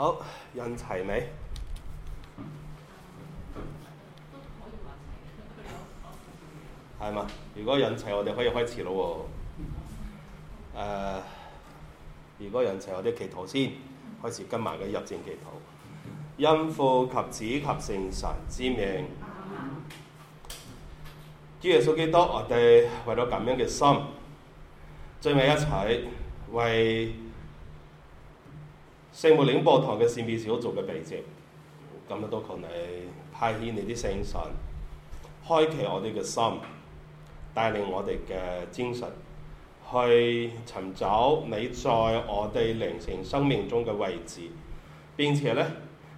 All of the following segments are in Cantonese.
好，印齊未？係嘛？ 如果引齊，我哋可以開始咯喎、哦呃。如果引齊，我哋祈禱先，開始今晚嘅入靜祈禱。因 父及子及聖神之名。 主耶穌基督，我哋為咗咁樣嘅心，最尾一齊為。聖母領報堂嘅善別小組嘅避靜，咁都求你派遣你啲聖神，開啟我哋嘅心，帶領我哋嘅精神去尋找你在我哋靈性生命中嘅位置。並且呢，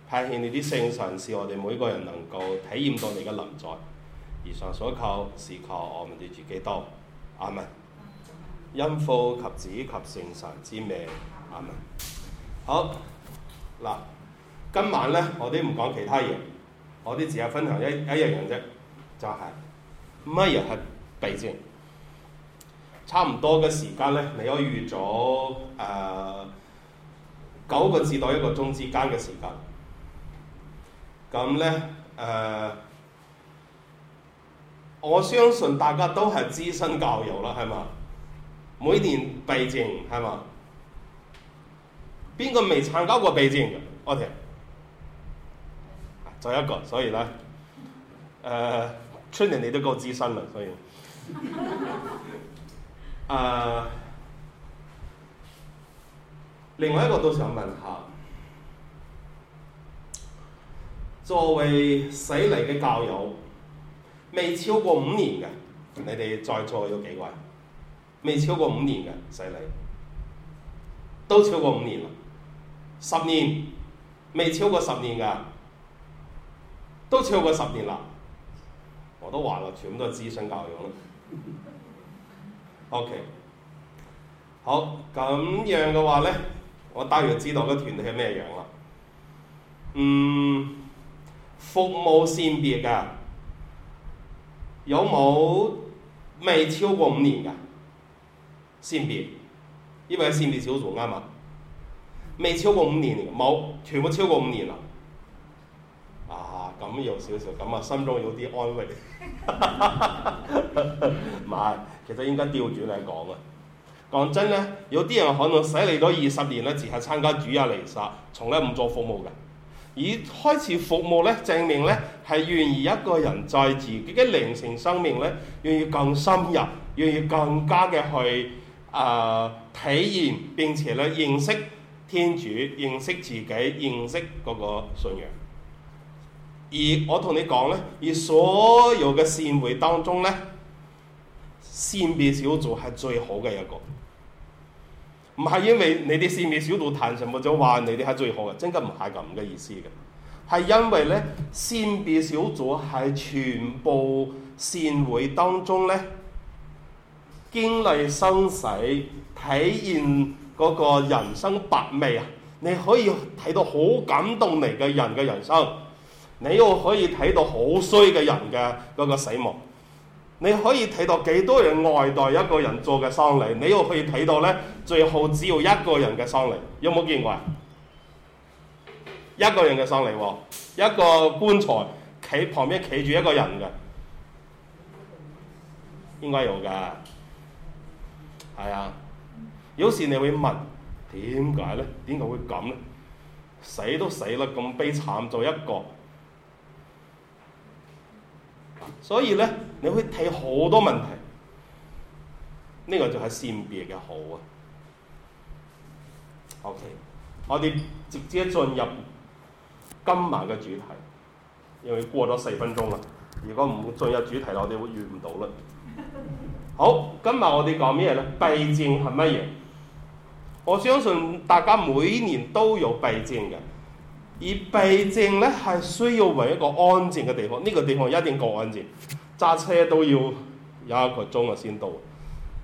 派遣你啲聖神，使我哋每個人能夠體驗到你嘅臨在。以上所求是求我們自己多，阿門。因父及子及聖神之名，阿門。好嗱，今晚咧我哋唔講其他嘢，我哋只係分享一一樣嘢啫，就係乜嘢係避靜。差唔多嘅時間咧，你可以預咗誒九個字到一個鐘之間嘅時間。咁咧誒，我相信大家都係資深教友啦，係嘛？每年避靜係嘛？邊個未參加過避靜嘅？O K，再一個，所以咧，誒、呃，春年你都夠資深啦，所以，誒、 呃，另外一個都想問下，作為洗禮嘅教友，未超過五年嘅，你哋在座有幾位？未超過五年嘅洗禮，都超過五年啦。十年，未超過十年噶？都超過十年啦。我都話啦，全部都係資深教育啦。OK，好，咁樣嘅話咧，我大約知道個團隊係咩樣啦。嗯，服務善別噶，有冇未超過五年噶善別？因為善別小組啱嘛？未超過五年冇，全部超過五年啦。啊，咁有少少，咁啊心中有啲安慰。唔 係，其實應該調轉嚟講啊。講真咧，有啲人可能使嚟咗二十年咧，只係參加主日彌撒，從來唔做服務嘅。而開始服務咧，證明咧係願意一個人在自己嘅靈性生命咧，願意更深入，願意更加嘅去啊、呃、體驗並且咧認識。天主認識自己，認識嗰個信仰。而我同你講咧，而所有嘅善會當中咧，善別小組係最好嘅一個。唔係因為你哋善別小組談什麼就話你哋係最好嘅，真嘅唔係咁嘅意思嘅。係因為咧，善別小組係全部善會當中咧，經歷生死，體驗。嗰個人生百味啊，你可以睇到好感動嚟嘅人嘅人生，你又可以睇到好衰嘅人嘅嗰個死亡，你可以睇到幾多人哀悼一個人做嘅喪禮，你又可以睇到呢，最後只要一個人嘅喪禮，有冇見過啊？一個人嘅喪禮，一個棺材企旁邊企住一個人嘅，應該有㗎，係啊。有時你會問點解呢？點解會咁呢？死都死啦，咁悲慘做一個。所以呢，你會睇好多問題。呢個就係善別嘅好啊。OK，我哋直接進入今晚嘅主題，因為過咗四分鐘啦。如果唔進入主題，我哋會遇唔到啦。好，今日我哋講咩呢？避靜係乜嘢？我相信大家每年都有避靜嘅，而避靜咧係需要揾一個安靜嘅地方。呢、這個地方一定夠安靜，揸車都要有一個鐘啊先到。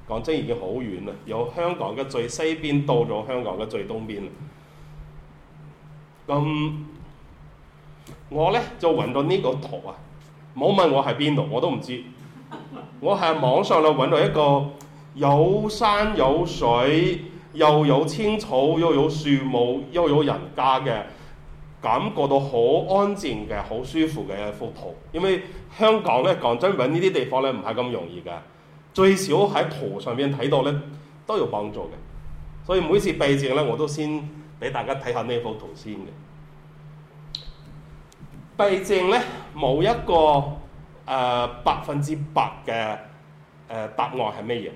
講真已經好遠啦，由香港嘅最西邊到咗香港嘅最東邊啦。咁、嗯、我咧就揾到呢個圖啊，冇問我喺邊度我都唔知。我喺網上咧揾到一個有山有水。又有青草，又有樹木，又有人家嘅，感覺到好安靜嘅、好舒服嘅一幅圖。因為香港咧，講真揾呢啲地方咧唔係咁容易嘅，最少喺圖上面睇到咧都有幫助嘅。所以每次避靜咧，我都先俾大家睇下呢幅圖先嘅。避靜咧冇一個誒百分之百嘅誒答案係咩嘢？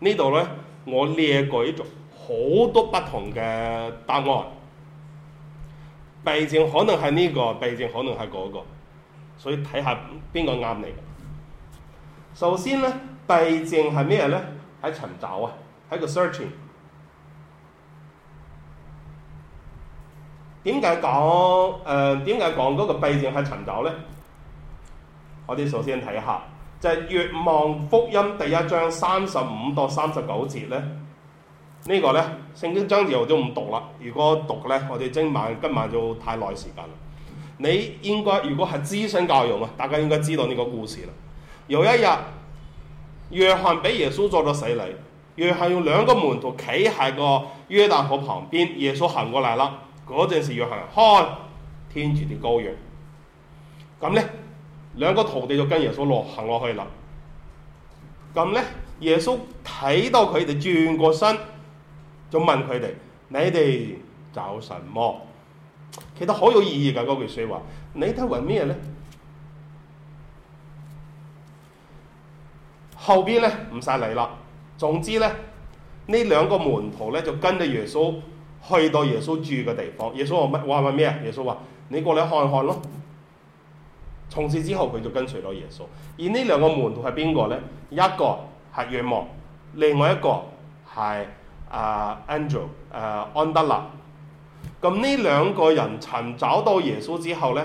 呢度咧。我列舉咗好多不同嘅答案，避靜可能係呢、這個，避靜可能係嗰、那個，所以睇下邊個啱你。首先呢，避靜係咩呢？喺尋找啊，喺個 searching。點解講誒？點解講嗰個避靜係尋找呢？我哋首先睇下。就係若望福音第一章三十五到三十九節咧，這個、呢個咧聖經章節我都唔讀啦。如果讀咧，我哋今晚今晚就太耐時間啦。你應該如果係資深教養啊，大家應該知道呢個故事啦。有一日，若翰俾耶穌作咗洗禮，若翰用兩個門徒企喺個約但河旁邊，耶穌行過嚟啦。嗰陣時，若翰看天主的羔羊，咁咧。兩個徒弟就跟耶穌落行落去啦。咁咧，耶穌睇到佢哋轉過身，就問佢哋：你哋找什麼？其實好有意義噶嗰句說話。你睇為咩咧？後邊咧唔晒你啦。總之咧，呢兩個門徒咧就跟住耶穌去到耶穌住嘅地方。耶穌話咩？話問咩？耶穌話：你過嚟看看咯。從此之後，佢就跟隨咗耶穌。而呢兩個門徒係邊個咧？一個係若望，另外一個係啊 Andrew，安德肋。咁、嗯、呢兩個人尋找到耶穌之後咧，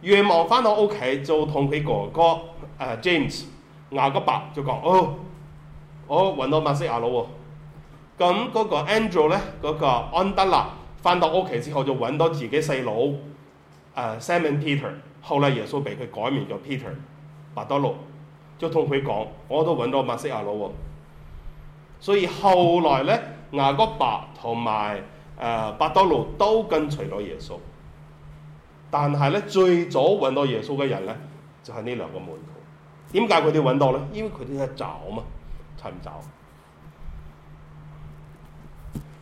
若望返到屋企就同佢哥哥誒、呃、James 雅各伯就講：哦，我、哦、揾到默西亞佬喎。咁、嗯、嗰、那個 Andrew 咧，嗰、那個、安德肋返到屋企之後就揾到自己細佬誒 Simon Peter。後嚟耶穌俾佢改名叫 Peter，伯多祿就同佢講：我都揾到默西亞喇喎。所以後來呢，雅各伯同埋誒伯多祿都跟隨咗耶穌。但係呢，最早揾到耶穌嘅人呢，就係呢兩個門徒。點解佢哋揾到呢？因為佢哋係找嘛，尋找。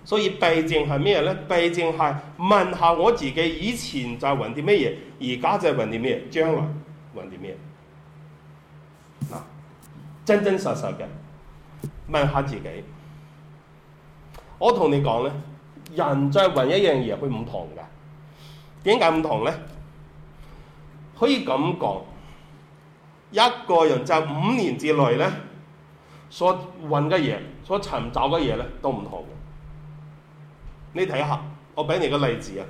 所以備症係咩咧？備證係問下我自己以前就揾啲咩嘢，而家就揾啲咩嘢，將來揾啲咩嗱，真真實實嘅問下自己。我同你講咧，人在揾一樣嘢，佢唔同嘅。點解唔同咧？可以咁講，一個人就五年之內咧，所揾嘅嘢，所尋找嘅嘢咧，都唔同。你睇下，我俾你個例子啊！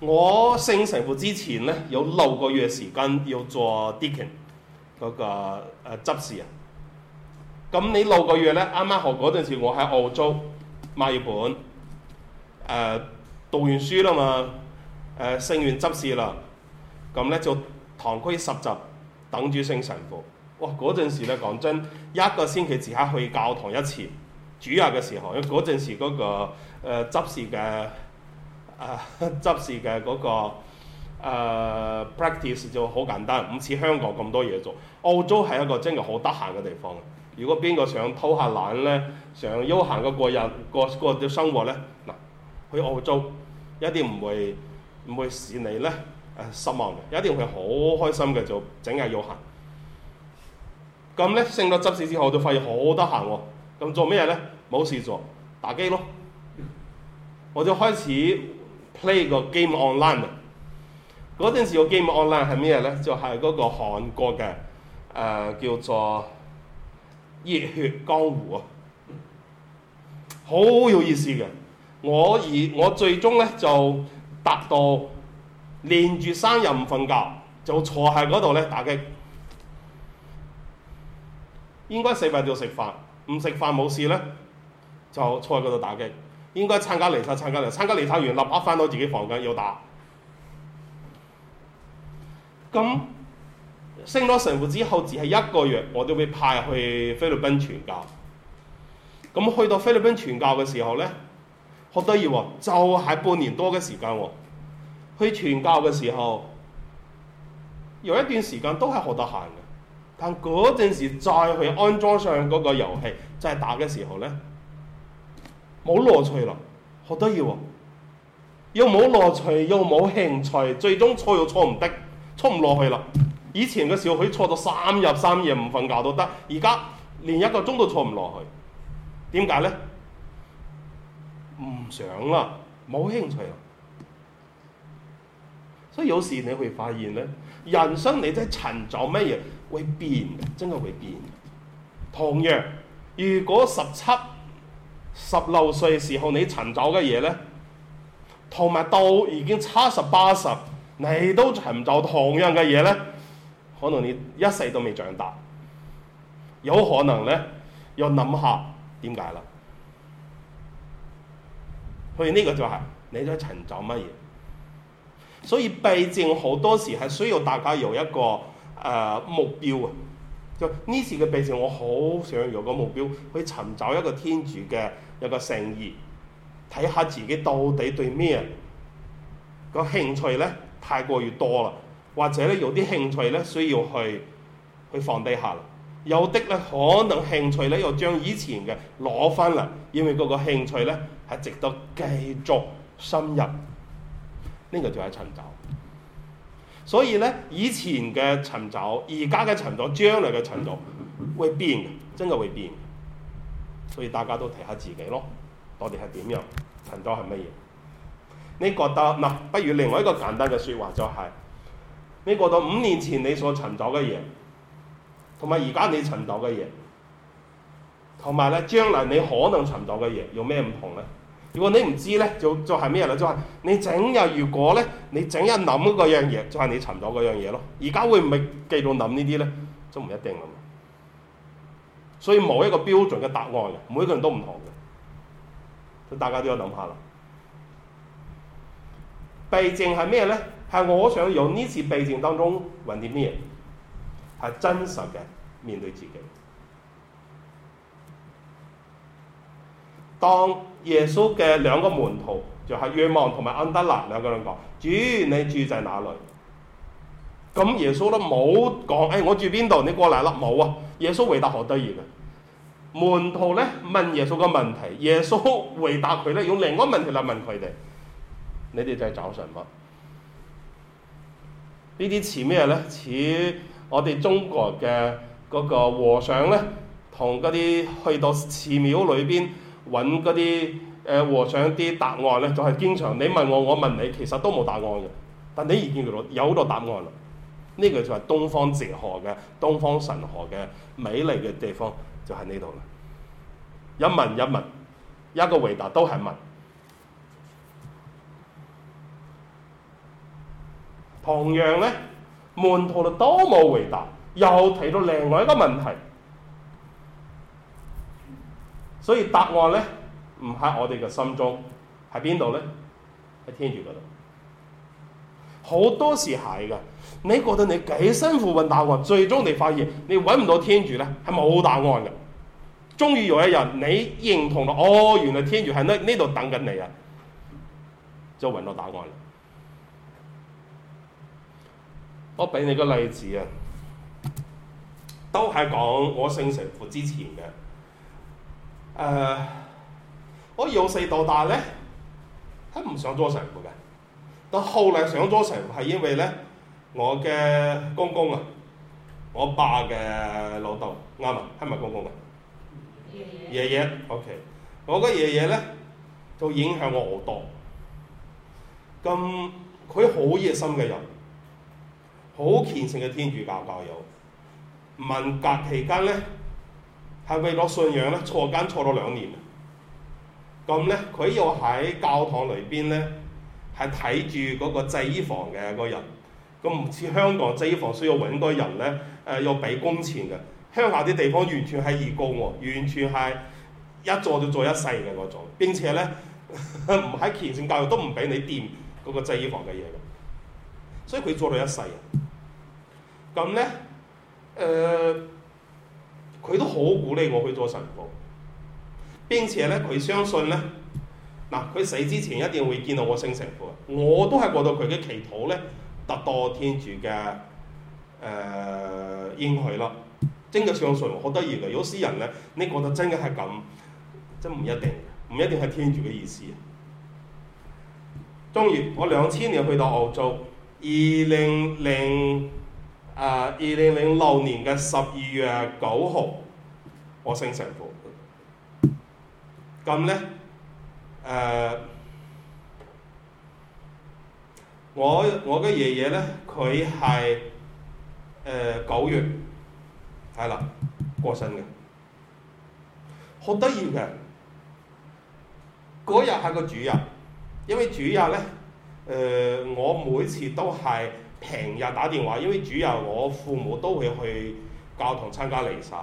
我升神父之前呢，有六個月時間要做 Deacon 嗰個、呃、執事啊。咁你六個月呢，啱啱學嗰陣時，我喺澳洲墨爾本誒、呃、讀完書啦嘛，誒、呃、升完執事啦，咁呢，就堂區實習，等住升神父。嗰陣、哦、時咧，講真，一個星期只係去教堂一次，主日嘅時候。因為嗰陣時嗰、那個、呃、執事嘅誒、呃、執事嘅嗰、那個、呃、practice 就好簡單，唔似香港咁多嘢做。澳洲係一個真係好得閒嘅地方。如果邊個想偷下懶呢，想悠閒嘅過日過過啲生活呢，嗱，去澳洲一定唔會唔會使你呢誒、呃、失望嘅，一定會好開心嘅，就整日悠閒。咁咧升到執事之後，我就發現好得閒喎。咁做咩咧？冇事做，打機咯。我就開始 play 個 game online。嗰陣時個 game online 係咩咧？就係、是、嗰個韓國嘅誒、呃、叫做《熱血江湖》啊，好有意思嘅。我而我最終咧就達到連住三日唔瞓覺，就坐喺嗰度咧打機。應該食飯就食飯，唔食飯冇事呢，就坐喺嗰度打機。應該參加彌撒參加嚟，參加彌撒完立刻翻到自己房間要打。咁升咗神父之後，只係一個月，我都被派去菲律賓傳教。咁去到菲律賓傳教嘅時候呢，好得意喎，就係半年多嘅時間喎、哦。去傳教嘅時候，有一段時間都係好得閒嘅。但嗰陣時再去安裝上嗰個遊戲，再、就係、打嘅時候咧，冇樂趣咯，好得意啊，又冇樂趣，又冇興趣，最終錯又錯唔得，錯唔落去啦。以前嘅小許錯咗三日三夜唔瞓覺都得，而家連一個鐘都錯唔落去，點解咧？唔想啦、啊，冇興趣啦、啊。所以有時你會發現咧，人生你真係尋找乜嘢？會變，真係會變。同樣，如果十七、十六歲時候你尋找嘅嘢呢，同埋到已經七十八十，你都尋找同樣嘅嘢呢，可能你一世都未長大。有可能呢，要諗下點解啦。所以呢個就係你在尋找乜嘢。所以，避靜好多時係需要大家有一個。誒、呃、目標啊！就呢次嘅避靜，我好想有個目標去尋找一個天主嘅一個誠意，睇下自己到底對咩、那個興趣咧，太過於多啦，或者咧有啲興趣咧需要去去放低下，有的咧可能興趣咧又將以前嘅攞翻啦，因為嗰個興趣咧係值得繼續深入，呢、這個就係尋找。所以咧，以前嘅尋找，而家嘅尋找，將來嘅尋找，會變嘅，真係會變。所以大家都睇下自己咯，到底係點樣尋找係乜嘢？你覺得嗱，啊，不如另外一個簡單嘅説話就係：你覺得五年前你所尋找嘅嘢，同埋而家你尋找嘅嘢，同埋咧將來你可能尋找嘅嘢，有咩唔同咧？如果你唔知咧，就就係咩啦？就係、是、你整日如果咧，你整日諗嗰樣嘢，就係、是、你尋到嗰樣嘢咯。而家會唔會繼續諗呢啲咧？都唔一定啦。所以冇一個標準嘅答案嘅，每一個人都唔同嘅。大家都要諗下啦。避靜係咩咧？係我想用呢次避靜當中搵啲咩？係真實嘅面對自己。當耶穌嘅兩個門徒就係若望同埋安德肋兩個人講：主你住在哪裏？咁耶穌都冇講，誒、哎、我住邊度？你過嚟啦，冇啊！耶穌回答好得意嘅。門徒咧問耶穌嘅問題，耶穌回答佢咧用另一個問題嚟問佢哋：你哋在找什麼呢？呢啲似咩咧？似我哋中國嘅嗰個和尚咧，同嗰啲去到寺廟裏邊。揾嗰啲和尚啲答案呢，就係、是、經常你問我，我問你，其實都冇答案嘅。但你已經見到有咗答案啦，呢、這個就係東方哲學嘅、東方神學嘅美麗嘅地方，就喺呢度啦。一問一問，一個回答都係問。同樣呢，門徒都冇回答，又提到另外一個問題。所以答案咧，唔喺我哋嘅心中，喺邊度咧？喺天主嗰度。好多時係㗎，你覺得你幾辛苦揾答案，最終你發現你揾唔到天主咧，係冇答案㗎。終於有一日你認同啦，哦，原來天主喺呢呢度等緊你啊，就揾到答案啦。我俾你個例子啊，都係講我聖神父之前嘅。誒、uh, 我由細到大咧，係唔上咗神嘅。到後嚟上咗神，係因為咧，我嘅公公啊，我爸嘅老豆啱啊，係咪公公啊？爺爺，爺，爺，OK。我嘅爺爺咧就影響我好多。咁佢好熱心嘅人，好虔誠嘅天主教教友。文革期間咧。係為咗信仰咧，坐監坐咗兩年。咁咧，佢又喺教堂裏邊咧，係睇住嗰個製衣房嘅個人。咁唔似香港製衣房需要揾個人咧，誒、呃、要俾工錢嘅。鄉下啲地方完全係義工喎、哦，完全係一做就做一世嘅嗰種。並且咧，唔喺虔誠教育都唔俾你掂嗰個製衣房嘅嘢嘅。所以佢做咗一世。咁咧，誒、呃。佢都好鼓勵我去做神父，並且咧佢相信咧，嗱佢死之前一定會見到我升神父。我都係過到佢嘅祈禱咧，得到天主嘅誒、呃、應許咯。真嘅相信，好得意㗎！有啲人咧，你覺得真嘅係咁，真唔一定，唔一定係天主嘅意思。終於，我兩千年去到澳洲，二零零。啊！二零零六年嘅十二月九號，我升神父。咁咧，誒、呃，我我嘅爺爺咧，佢係誒九月係啦過身嘅，好得意嘅。嗰日係個主日，因為主日咧，誒、呃、我每次都係。平日打電話，因為主日我父母都會去教堂參加彌撒。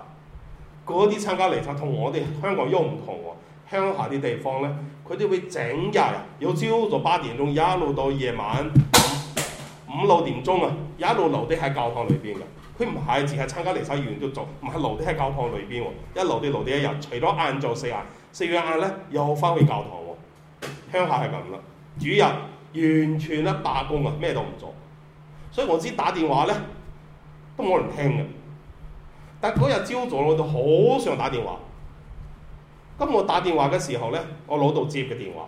嗰啲參加彌撒同我哋香港又唔同喎、哦。鄉下啲地方咧，佢哋會整日，有朝早八點鐘一路到夜晚五六點鐘啊，一路留低喺教堂裏邊嘅。佢唔係只係參加彌撒，完全都做，唔係留低喺教堂裏邊喎，一留低，留低一日。除咗晏晝四晏，四晏咧又翻去教堂喎、哦。鄉下係咁啦，主日完全咧罷工啊，咩都唔做。所以我知打電話咧都冇人聽嘅，但嗰日朝早我都好想打電話，咁我打電話嘅時候咧，我老豆接嘅電話，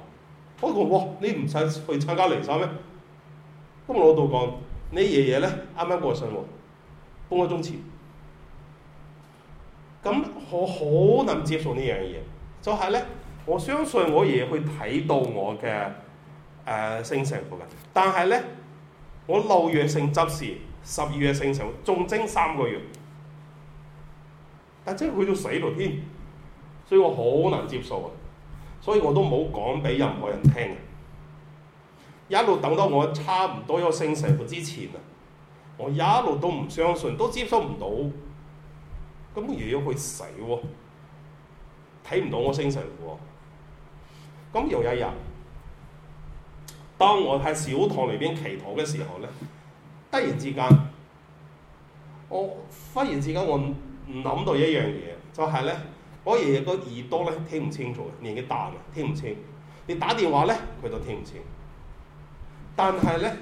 我講：哇，你唔使去參加離散咩？咁老豆講：你爺爺咧啱啱過身喎，半個鐘前。咁我好難接受呢樣嘢，就係、是、咧，我相信我爺爺去睇到我嘅誒星辰福嘅，但係咧。我六月升執事，十二月升神父，仲增三個月，但即係去到死度添，所以我好難接受啊，所以我都冇講俾任何人聽，一路等到我差唔多有升神父之前啊，我一路都唔相信，都接收唔到，咁又要佢死喎，睇唔到我升神父，咁又有日。當我喺小堂裏邊祈禱嘅時候咧，突然之間，我忽然之間我諗到一樣嘢，就係咧，我爺爺個耳朵咧聽唔清楚嘅，年紀大嘅，聽唔清。你打電話咧，佢都聽唔清。但係咧，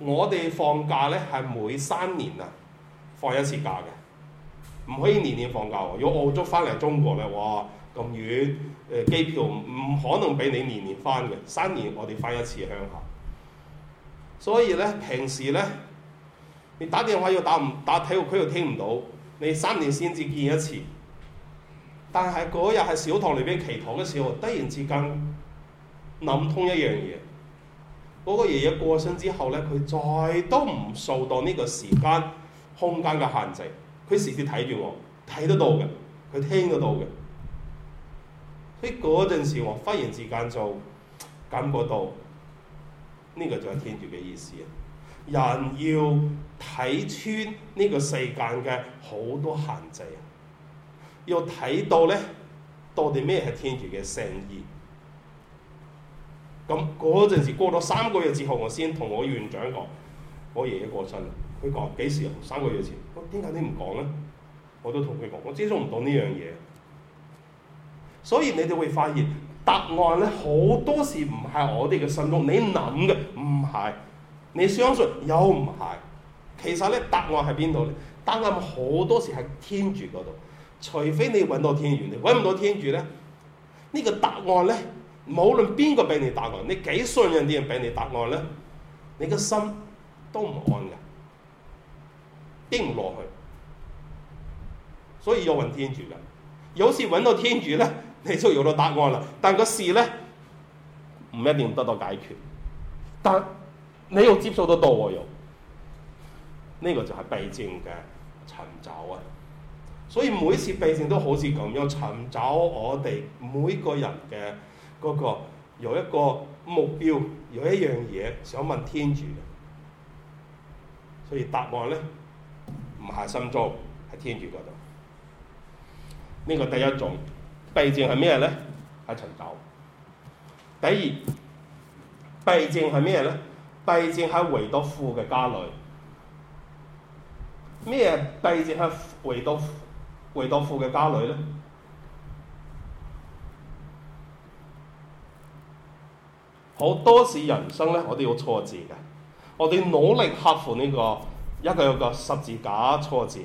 我哋放假咧係每三年啊放一次假嘅，唔可以年年放假。如果澳洲翻嚟中國咧，哇！咁遠誒，機、呃、票唔可能俾你年年翻嘅。三年我哋翻一次鄉下，所以咧，平時咧，你打電話又打唔打體育區又聽唔到，你三年先至見一次。但係嗰日喺小堂裏邊祈禱嘅時候，突然之間諗通一樣嘢。嗰、個爺爺過身之後咧，佢再都唔受到呢個時間空間嘅限制。佢時時睇住我，睇得到嘅，佢聽得到嘅。喺嗰陣時，我忽然之間就感覺到呢個就係天主嘅意思啊！人要睇穿呢個世界嘅好多限制，要睇到咧到底咩係天主嘅聖意。咁嗰陣時過咗三個月之後，我先同我院長講：我爺爺過身。佢講，幾時？三個月前。我，點解你唔講咧？我都同佢講，我接受唔到呢樣嘢。所以你哋會發現答案咧好多時唔係我哋嘅心中，你諗嘅唔係，你相信又唔係。其實咧答案喺邊度咧？答案好多時喺天主嗰度。除非你揾到天主，你揾唔到天主咧，這個、呢個答案咧，無論邊個俾你答案，你幾信任啲人俾你答案咧，你嘅心都唔安嘅，頂唔落去。所以要揾天主嘅，有時揾到天主咧。你就有咗答案啦，但個事咧唔一定得到解決，但你又接受得到多喎又，呢、這個就係避靜嘅尋找啊！所以每次避靜都好似咁樣尋找我哋每個人嘅嗰、那個有一個目標，有一樣嘢想問天主嘅，所以答案咧唔喺心中，喺天主嗰度。呢、這個第一種。避靜係咩咧？一層樓。第二，避靜係咩咧？避靜喺維多夫嘅家裏。咩避靜喺維多維多夫嘅家裏咧？好多時人生咧，我哋有挫折嘅。我哋努力克服呢、這個、一個一個個十字架挫折。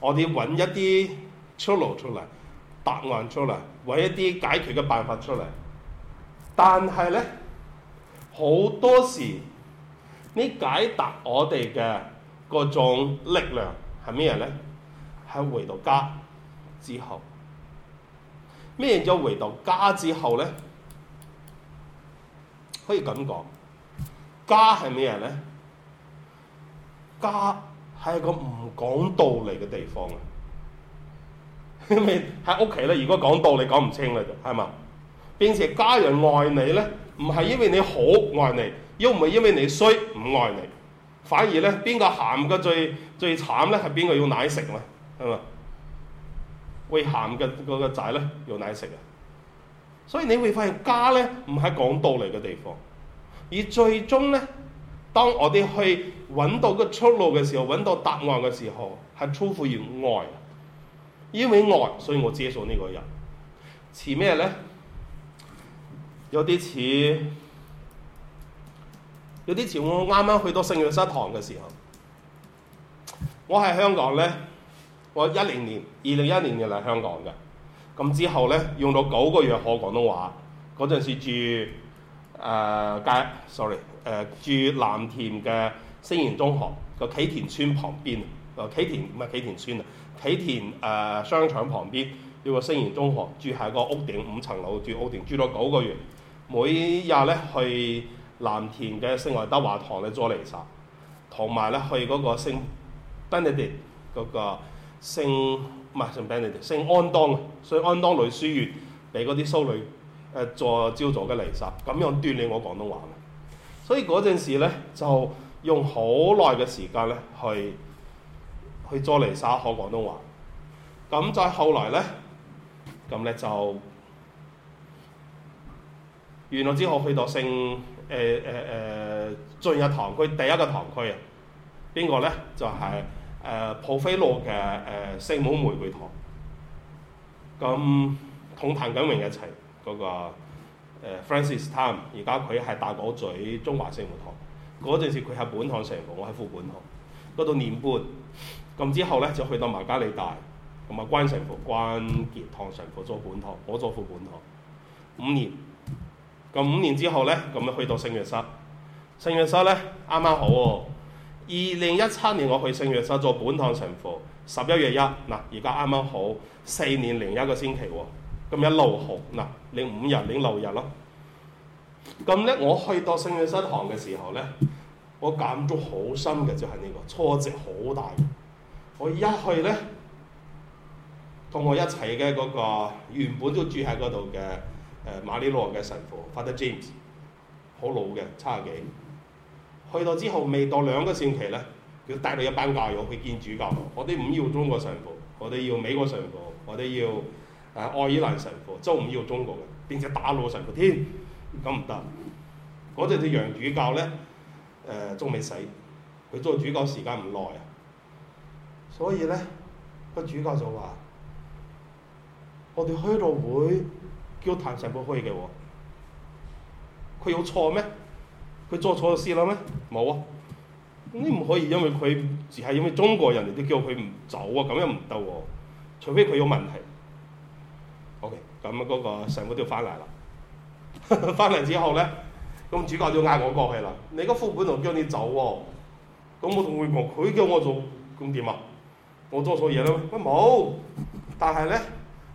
我哋揾一啲出路出嚟。答案出嚟，揾一啲解決嘅辦法出嚟。但係呢，好多時你解答我哋嘅嗰種力量係咩呢？係回到家之後，咩叫回到家之後呢？可以咁講，家係咩呢？家係個唔講道理嘅地方啊！因為喺屋企咧，如果講道理講唔清啦，就係嘛。並且家人愛你咧，唔係因為你好愛你，又唔係因為你衰唔愛你，反而咧，邊個咸嘅最最慘咧，係邊個要奶食嘛，係嘛？會咸嘅個個仔咧，要奶食啊。所以你會發現家咧，唔係講道理嘅地方，而最終咧，當我哋去揾到個出路嘅時候，揾到答案嘅時候，係出乎於愛。因為愛，所以我接受呢個人。似咩呢？有啲似有啲似我啱啱去到聖約瑟堂嘅時候，我喺香港呢，我一零年二零一年嘅嚟香港嘅，咁之後呢，用咗九個月學廣東話。嗰陣時住誒街、呃、，sorry 誒、呃、住藍田嘅星賢中學個啟田村旁邊，個、呃、啟田唔係啟田村啊。喜田誒、呃、商場旁邊呢個星賢中學住喺個屋頂五層樓住屋頂住咗九個月，每日咧去藍田嘅聖愛德華堂咧做彌撒，同埋咧去嗰個聖 Benedict 嗰個聖唔係聖 Benedict 聖安當啊，聖安當女書院俾嗰啲修女誒、呃、做朝早嘅彌撒，咁樣鍛鍊我廣東話所以嗰陣時咧就用好耐嘅時間咧去。去咗嚟耍學廣東話，咁、嗯、再後來咧，咁咧就完咗之後去到姓誒誒誒進入堂區第一個堂區啊，邊個咧就係、是、誒、呃、普菲路嘅誒聖母玫瑰堂，咁同譚錦榮一齊嗰、那個、呃、Francis Tan，而家佢係大角嘴中華聖母堂，嗰陣時佢係本堂神父，我係副本堂，嗰、那、度、個、年半。咁之後咧，就去到瑪加利大，同埋關神父、關傑棠神父做本堂，我做副本堂。五年，咁五年之後咧，咁去到聖約瑟。聖約瑟咧，啱啱好喎、哦。二零一七年我去聖約瑟做本堂神父，十一月一嗱，而家啱啱好四年零一個星期喎、哦。咁一路好嗱，念五日，念六日咯。咁咧，我去到聖約瑟堂嘅時候咧，我感觸好深嘅，就係、是、呢個挫折好大。我一去咧，同我一齊嘅嗰個原本都住喺嗰度嘅誒馬里諾嘅、呃、神父 Father James，好老嘅七十幾，去到之後未到兩個星期咧，佢帶到一班教友去見主教。我哋唔要中國神父，我哋要美國神父，我哋要誒愛爾蘭神父，周五要中國嘅，並且打老神父添，咁唔得。嗰陣隻洋主教咧誒仲未死，佢做主教時間唔耐啊。所以咧，個主教就話：我哋開個會叫談神父去嘅喎，佢有錯咩？佢做錯事啦咩？冇啊！你唔可以因為佢，係因為中國人嚟，人都叫佢唔走啊！咁又唔得喎，除非佢有問題。O K，咁嗰個神父都要翻嚟啦，翻 嚟之後咧，咁主教就嗌我過去啦。你個副本就叫你走喎，啊，咁我同佢講，佢叫我做咁點啊？我做錯嘢啦，喂，冇，但係咧，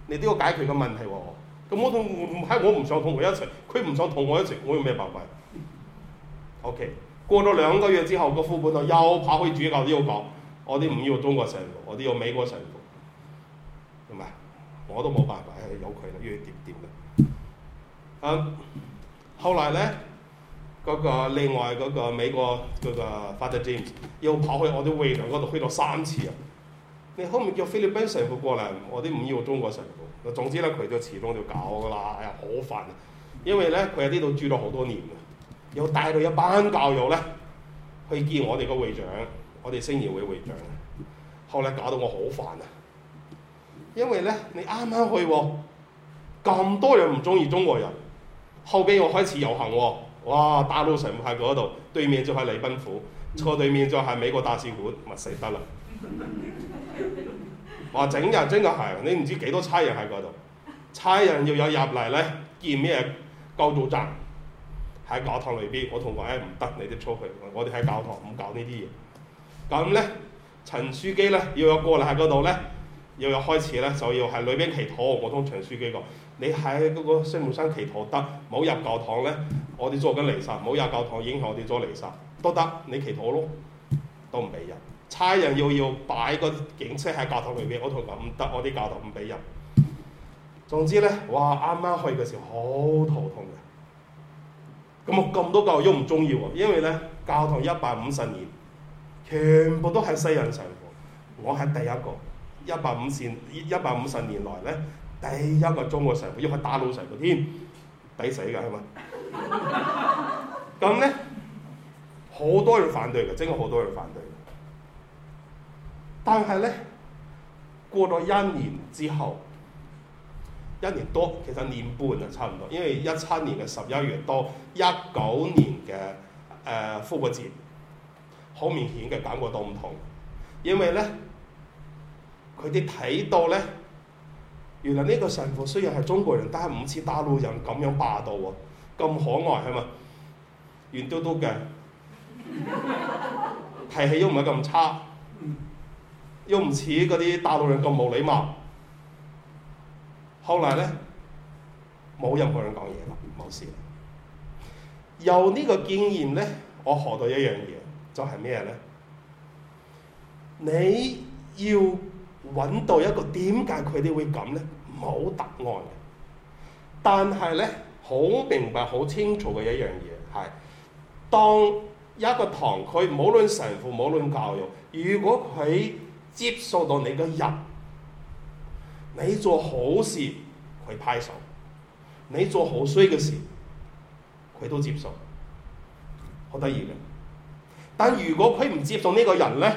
你都要解決個問題喎。咁我都唔係、哎、我唔想同佢一齊，佢唔想同我一齊，我又咩辦法？OK，過咗兩個月之後，個副本又跑去主教，都要講我哋唔要中國神父，我哋要美國神父，係咪？我都冇辦法，係由佢啦，要點點啦。嗯、啊，後嚟咧，嗰、那個、另外嗰個美國嗰個 Father James 又跑去我啲會堂嗰度去咗三次啊！你可唔可以叫菲律賓神父過嚟，我啲唔要中國神父。嗱，總之咧，佢就始終就搞噶啦，哎呀，好煩！因為咧，佢喺呢度住咗好多年啊，又帶到一班教育咧去見我哋個會長，我哋星業會會長。後嚟搞到我好煩啊！因為咧，你啱啱去喎，咁多人唔中意中國人，後邊又開始遊行喎，啊，哇！大陸神父喺嗰度，對面就係禮賓府，坐對面就係美國大使館，咪死得啦！ 話整日真係係，你唔知幾多差人喺嗰度，差人要有入嚟咧建咩救助站喺教堂裏邊，我同佢誒，唔得，你哋出去，我哋喺教堂唔搞呢啲嘢。咁咧，陳書記咧要有過嚟喺嗰度咧，又有開始咧，就要喺裏邊祈禱。我同陳書記講，你喺嗰個聖母山祈禱得，冇入教堂咧，我哋做緊彌撒，冇入教堂影響我哋做彌撒都得，你祈禱咯，都唔俾入。差人又要擺個警車喺教堂裏邊，我同佢唔得，我啲教堂唔俾入。總之咧，哇！啱啱去嘅時候好頭痛嘅。咁我咁多嚿都唔中意喎，因為咧教堂一百五十年，全部都係西人上課。我係第一個一百五十年，一百五十年來咧，第一個中國上課，用去打老上課添，抵死㗎係咪？咁咧，好多人反對嘅，真係好多人反對。但係咧，過咗一年之後，一年多其實年半啊，差唔多，因為一七年嘅十一月多，一九年嘅誒、呃、復活節，好明顯嘅感覺都唔同。因為咧，佢哋睇到咧，原來呢個神父雖然係中國人，但係唔似大陸人咁樣霸道喎，咁可愛係嘛？圓嘟嘟嘅，脾氣都唔係咁差。又唔似嗰啲大陸人咁冇禮貌，後來呢。後嚟咧，冇任何人講嘢啦，冇事。由呢個經驗咧，我學到一樣嘢，就係咩咧？你要揾到一個點解佢哋會咁咧？冇答案但呢。但係咧，好明白、好清楚嘅一樣嘢係：當一個堂區，無論神父、無論教育，如果佢接受到你嘅人，你做好事佢拍手，你做好衰嘅事佢都接受，好得意嘅。但如果佢唔接受呢個人咧，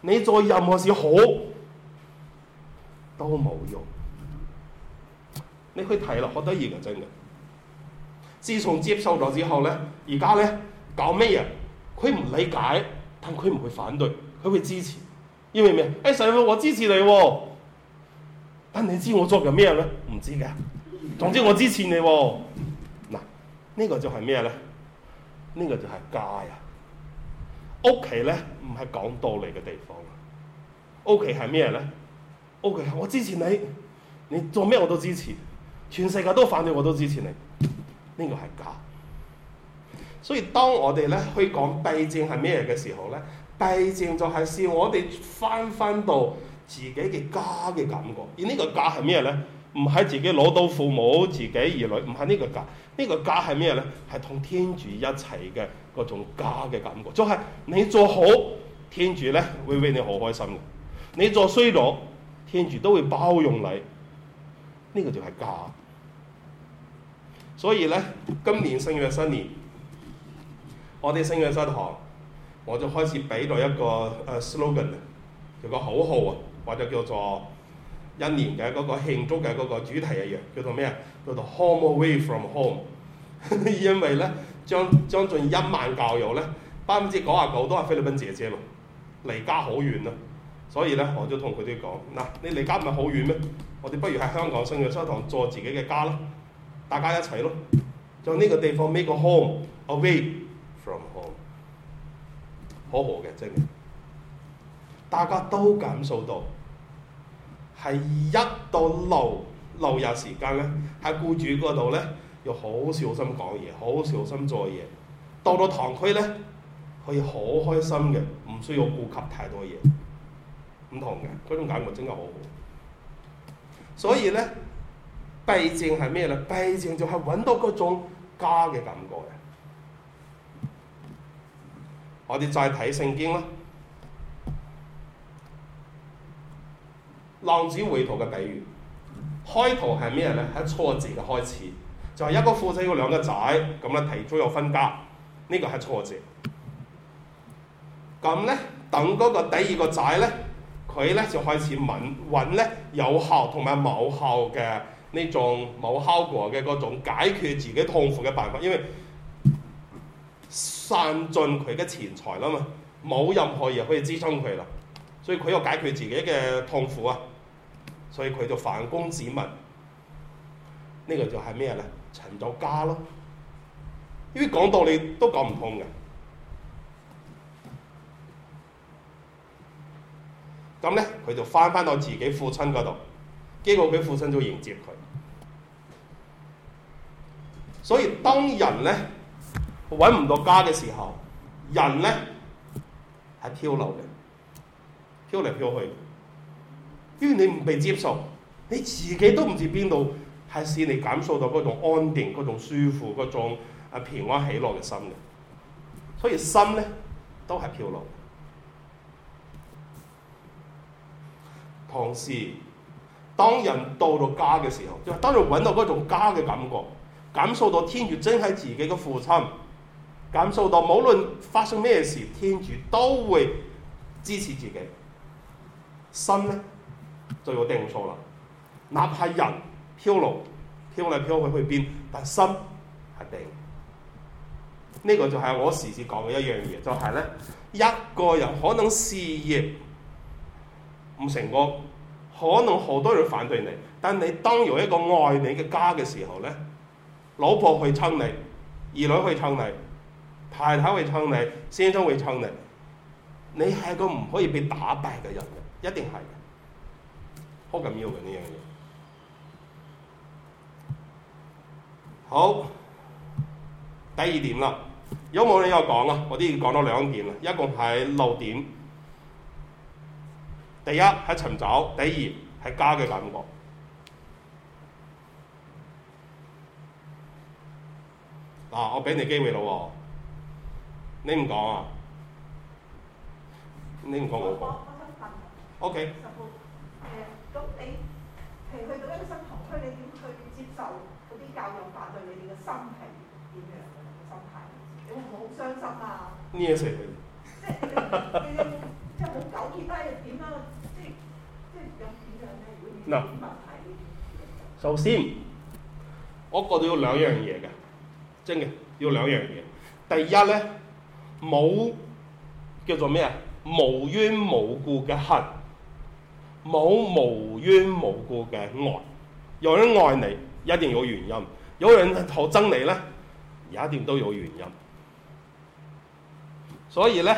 你做任何事好都冇用。你去睇咯，好得意嘅真嘅。自從接受咗之後咧，而家咧搞咩啊？佢唔理解，但佢唔會反對，佢會支持。因為咩？哎、欸，神父，我支持你喎、哦。但你知我作緊咩咧？唔知嘅。總之我支持你喎、哦。嗱，呢、這個就係咩咧？呢、這個就係家啊！屋企咧唔係講道理嘅地方啊。屋企係咩咧？屋企係我支持你，你做咩我都支持。全世界都反對我都支持你。呢、這個係假。所以當我哋咧去講避靜係咩嘅時候咧？避靜就係試我哋返返到自己嘅家嘅感覺，而呢個家係咩呢？唔係自己攞到父母、自己兒女，唔係呢個家。呢、這個家係咩呢？係同天主一齊嘅嗰種家嘅感覺。就係、是、你做好天主呢會為你好開心；你做衰咗，天主都會包容你。呢、這個就係家。所以呢，今年聖約新年，我哋聖約新堂。我就開始俾到一個誒 slogan 啊，做個口號啊，或者叫做一年嘅嗰個慶祝嘅嗰個主題一樣，叫做咩啊？叫做 home away from home。 因為咧，將將近一萬教友咧，百分之九啊九都係菲律賓姐姐咯，離家好遠啊。所以咧，我就同佢哋講：嗱，你離家唔係好遠咩？我哋不如喺香港聖約書堂做自己嘅家咯，大家一齊咯，就呢個地方 make a home away from home。好好嘅，真嘅，大家都感受到係一到六六日時間咧，喺僱主嗰度咧，要好小心講嘢，好小心做嘢。到到堂區咧，可以好開心嘅，唔需要顧及太多嘢，唔同嘅嗰種感覺真係好好。所以咧，避靜係咩咧？避靜就係揾到嗰種家嘅感覺。我哋再睇聖經啦，《浪子回頭》嘅比喻，開頭係咩咧？係挫折嘅開始，就係、是、一個父子要兩個仔，咁咧提出有分家，呢個係挫折。咁咧，等嗰個第二個仔咧，佢咧就開始問揾咧有效同埋冇效嘅呢種冇效果嘅嗰種解決自己痛苦嘅辦法，因為，散盡佢嘅錢財啦嘛，冇任何嘢可以支撐佢啦，所以佢又解決自己嘅痛苦啊，所以佢就反攻子民，呢個就係咩咧？尋到家咯，呢啲講道理都講唔通嘅。咁咧，佢就翻翻到自己父親嗰度，結果佢父親就迎接佢。所以當人咧，搵唔到家嘅時候，人呢係漂流嘅，漂嚟漂去。如果你唔被接受，你自己都唔知邊度係使你感受到嗰種安定、嗰種舒服、嗰種啊平安喜樂嘅心嘅。所以心呢，都係漂流。同時，當人到到家嘅時候，就係、當你揾到嗰種家嘅感覺，感受到天主真係自己嘅父親。感受到，無論發生咩事，天主都會支持自己心呢，就有定數啦。哪怕人漂落漂嚟漂去去邊，但心係定呢、這個就係我時時講嘅一樣嘢，就係、是、咧一個人可能事業唔成功，可能好多人反對你，但你當有一個愛你嘅家嘅時候咧，老婆去撐你，兒女去撐你。太太會撐你，先生會撐你。你係個唔可以被打敗嘅人，一定係，好緊要嘅呢樣嘢。好，第二點啦，有冇嘢要講啊？我哋講咗兩點啦，一共係六點。第一係尋找，第二係家嘅感覺。嗱、啊，我俾你機會咯、哦。你唔講啊？你唔講冇講。O.K. 咁你係去到一個新同區，你點去接受嗰啲教育法對你哋嘅心係點樣，你心態，你會唔會好傷心啊？呢一成，即係好糾結啦！又點啊？即係即係又點樣咧？如果首先，我覺得有兩樣嘢嘅，真嘅要兩樣嘢。第一咧。冇叫做咩啊？冇無緣無故嘅恨，冇無緣無故嘅愛。有人愛你一定有原因，有人好憎你咧，也一定都有原因。所以咧，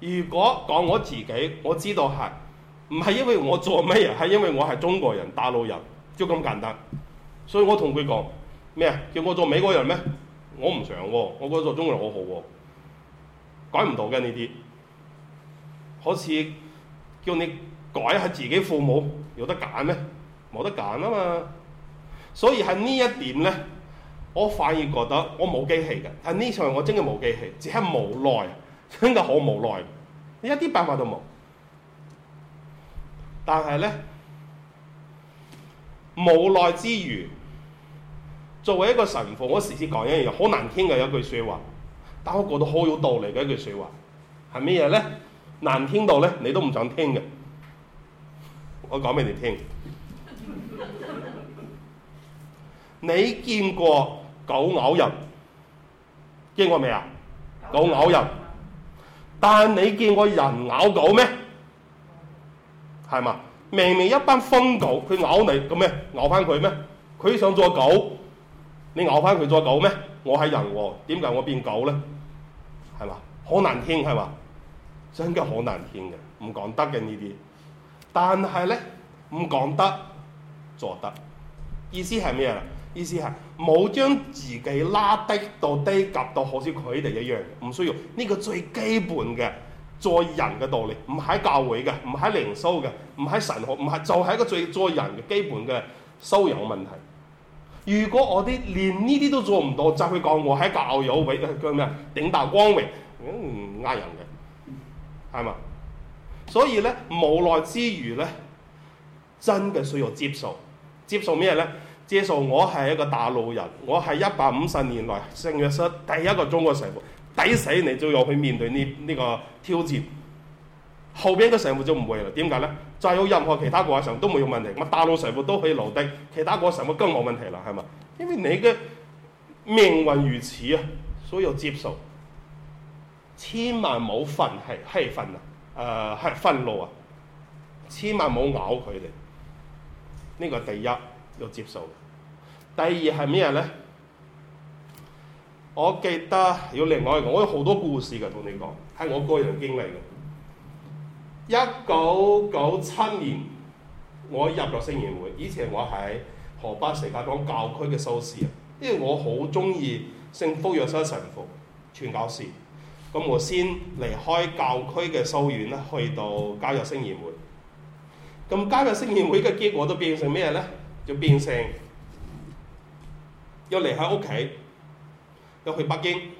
如果講我自己，我知道係唔係因為我做咩人，係因為我係中國人、大陸人，就咁簡單。所以我同佢講咩啊？叫我做美國人咩？我唔想喎、啊，我覺得做中國人好好、啊、喎。改唔到嘅呢啲，好似叫你改下自己父母，有得揀咩？冇得揀啊嘛！所以喺呢一點咧，我反而覺得我冇機器嘅，喺呢場我真係冇機器，只係無奈，真係好無奈，你一啲辦法都冇。但係咧，無奈之餘，作為一個神父，我時時講一樣嘢好難聽嘅一句説話。啱好講到好有道理嘅一句説話，係咩嘢咧？難聽到咧，你都唔想聽嘅。我講俾你聽， 你見過狗咬人，見過未啊？狗咬人，但你見過人咬狗咩？係嘛？明明一班瘋狗，佢咬你，咁咩咬翻佢咩？佢想做狗，你咬翻佢做狗咩？我係人喎，點解我變狗咧？係嘛？好難聽，係嘛？真嘅好難聽嘅，唔講得嘅呢啲。但係咧唔講得，做得。意思係咩啦？意思係冇將自己拉低到低，及到好似佢哋一樣，唔需要呢個最基本嘅做人嘅道理。唔喺教會嘅，唔喺靈修嘅，唔喺神學，唔係就係一個最做人嘅基本嘅修養問題。如果我啲連呢啲都做唔到，就去講我係教友位叫咩啊？頂大光榮，嗯，呃人嘅，係嘛？所以咧，無奈之餘咧，真嘅需要接受，接受咩咧？接受我係一個大陸人，我係一百五十年來聖約瑟第一個中國信徒，抵死你都要去面對呢呢、呢個挑戰。後邊嘅神父就唔會啦，點解咧？就有任何其他國家神父都冇有問題，咪大陸神父都可以留低，其他國家神父更冇問題啦，係嘛？因為你嘅命運如此啊，所以要接受，千萬冇憤氣、氣憤啊，誒、呃，係憤怒啊，千萬冇咬佢哋，呢個第一要接受。第二係咩咧？我記得有另外一個，我有好多故事噶，同你講係我個人經歷噶一九九七年，我入咗聖言會。以前我喺河北石家莊教區嘅修士啊，因為我好鍾意聖福若瑟神父傳教士。咁我先離開教區嘅修院啦，去到加入聖言會。咁加入聖言會嘅結果都變成咩咧？就變成又離開屋企，又去北京。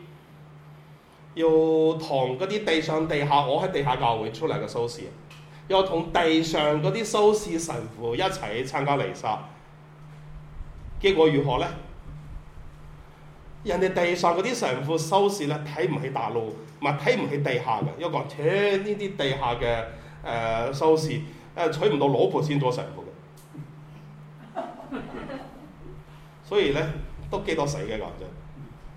要同嗰啲地上地下，我喺地下教會出嚟嘅修士，又同地上嗰啲修士神父一齊參加彌撒，結果如何呢？人哋地上嗰啲神父修士咧，睇唔起大陸，咪睇唔起地下嘅，因為講呢啲地下嘅誒修士誒娶唔到老婆先做神父嘅，所以咧都幾多死嘅講真。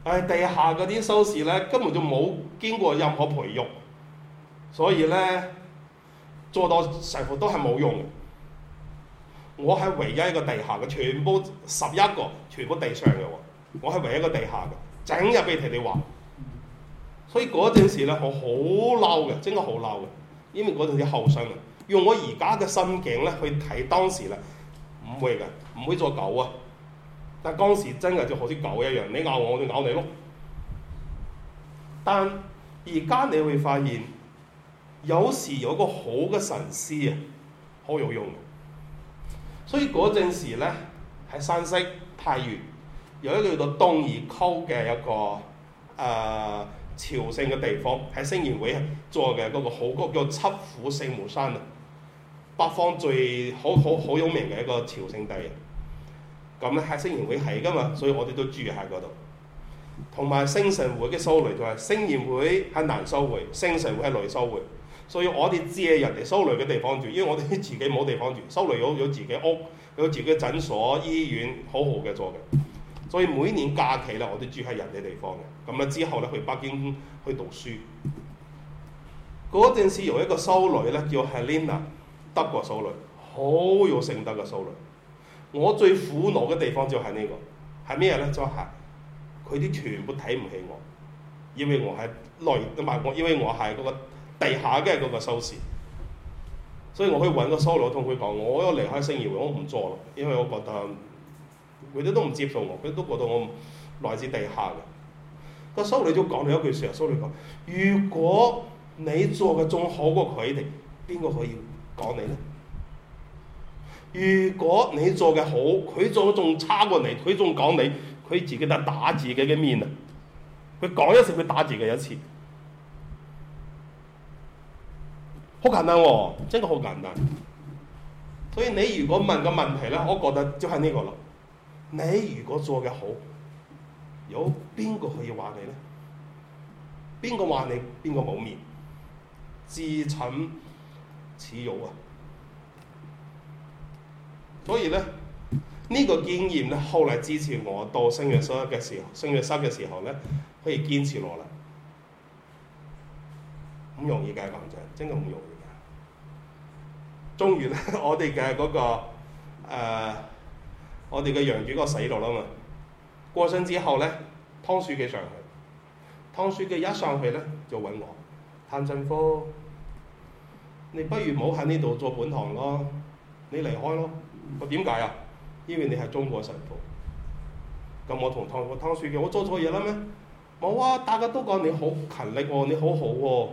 誒地下嗰啲收市咧，根本就冇經過任何培育，所以呢，做到成副都係冇用嘅。我係唯一一個地下嘅，全部十一個全部地上嘅喎，我係唯一一個地下嘅，整日俾人哋話。所以嗰陣時咧，我好嬲嘅，真係好嬲嘅，因為嗰陣時候係後生啊。用我而家嘅心境咧去睇當時呢，唔會嘅，唔會做狗啊！但當時真係就好似狗一樣，你咬我我就咬你咯。但而家你會發現，有時有個好嘅神師啊，好有用嘅。所以嗰陣時咧，喺山西太原，有一個叫做東夷溝嘅一個誒、呃、朝聖嘅地方，喺星賢會做嘅嗰個好谷，個叫七虎聖母山啊。北方最好好好有名嘅一個朝聖地。咁咧聖言會係㗎嘛，所以我哋都住喺嗰度。同埋聖神會嘅修女就係聖言會係男修會，聖神會係女修會。所以我哋借人哋修女嘅地方住，因為我哋自己冇地方住。修女有自有自己屋，有自己診所、醫院，好好嘅做嘅。所以每年假期咧，我哋住喺人哋地方嘅。咁咧之後咧去北京去讀書。嗰陣時有一個修女咧叫 Helena，德國修女，好有聖德嘅修女。我最苦惱嘅地方就係呢、呢個，係咩咧？就係佢啲全部睇唔起我，因為我係來唔係我，因為我係嗰個地下嘅嗰個修女，所以我可以揾個修女同佢講，我要離開星業，我唔做啦，因為我覺得佢哋都唔接受我，佢都覺得我來自地下嘅。個修女都講咗一句説話，修女講：如果你做嘅仲好過佢哋，邊個可以講你咧？如果你做嘅好，佢做仲差過你，佢仲講你，佢自己就打自己嘅面啦。佢講一次，佢打自己一次。好簡單喎，哦，真係好簡單。所以你如果問個問題咧，我覺得就係呢個咯。你如果做嘅好，有邊個可以話你咧？邊個話你？邊個冇面？自尋恥辱啊。所以咧，呢、這個經驗咧，後嚟支持我到聖約瑟嘅時，聖約瑟嘅時候咧，可以堅持落嚟，唔容易嘅講真，真係唔容易嘅。終於咧，我哋嘅嗰個、呃、我哋嘅楊主教死咗啦嘛，過身之後咧，湯樞機上去，湯樞機一上去咧就揾我，譚振科，你不如唔好喺呢度做本堂咯，你離開咯。我點解啊？因為你係中國神父，咁我同湯湯樞機，我做錯嘢啦咩？冇啊！大家都講你好勤力喎、哦，你好好、哦、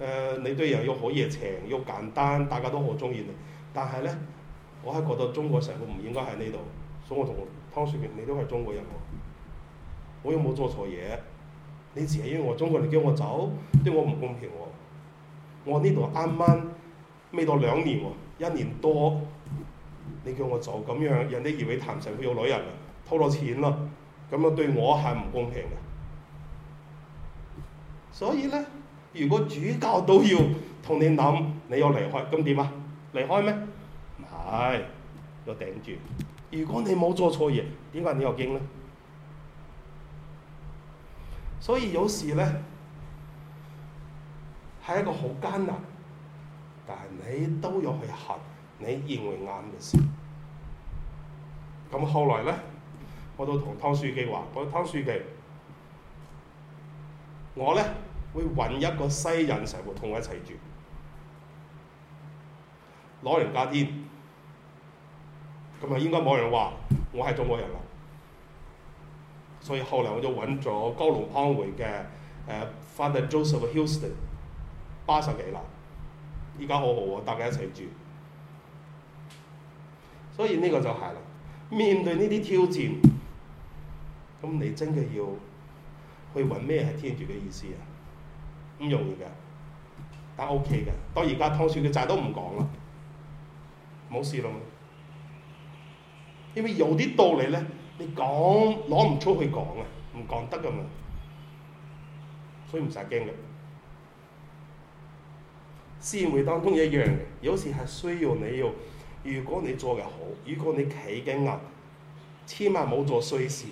喎、呃，你對人要好熱情，要簡單，大家都好中意你。但係呢，我係覺得中國神父唔應該喺呢度，所以我同湯樞機，你都係中國人喎，我又冇做錯嘢，你只係因為我中國人叫我走，對我唔公平喎、哦。我呢度啱啱未到兩年喎，一年多。你叫我做咁樣，人哋議會談成，佢有女人啦，偷到錢啦，咁樣對我係唔公平嘅。所以咧，如果主教都要同你諗，你又離開咁點啊？離開咩？唔係，要頂住。如果你冇做錯嘢，點解你又驚咧？所以有時咧係一個好艱難，但你都有去行。你認為啱嘅事，咁後來呢，我都同湯書記話：我湯書記，我呢會揾一個西人成日同我一齊住，攞人假添，咁啊應該冇人話我係中國人啦。所以後嚟我就揾咗高龍龐會嘅誒 Father Joseph Houston，八十幾啦，依家好好啊，大家一齊住。所以呢個就係啦，面對呢啲挑戰，咁你真嘅要去揾咩係天主嘅意思啊？唔容易嘅，但係 OK 嘅。到而家拖欠嘅債都唔講啦，冇事咯。因為有啲道理咧，你講攞唔出去講啊，唔講得噶嘛，所以唔使驚嘅。社會當中一樣嘅，有時係需要你要。如果你做嘅好，如果你企嘅硬，千萬冇做衰事，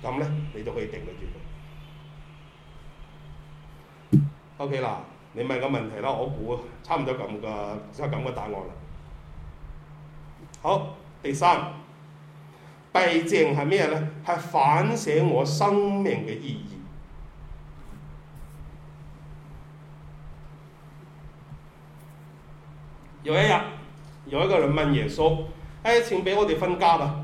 咁咧你就可以定得住。O K 嗱，你問個問題啦，我估差唔多咁個即咁嘅答案啦。好，第三，避靜係咩咧？係反省我生命嘅意義。有一日。有一個人問耶穌：哎，請俾我哋分家啦！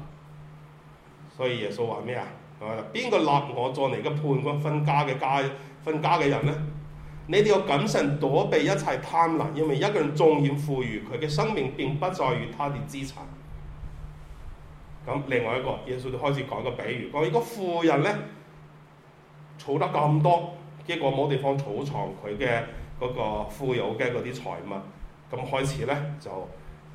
所以耶穌話咩啊？話，邊個立我做你嘅判官分家嘅家分家嘅人呢？你哋要謹慎躲避一切貪婪，因為一個人縱然富裕，佢嘅生命並不在於他哋資產。咁另外一個，耶穌就開始講個比喻：講一個富人呢，儲得咁多，結果冇地方儲藏佢嘅嗰個富有嘅嗰啲財物，咁開始呢，就。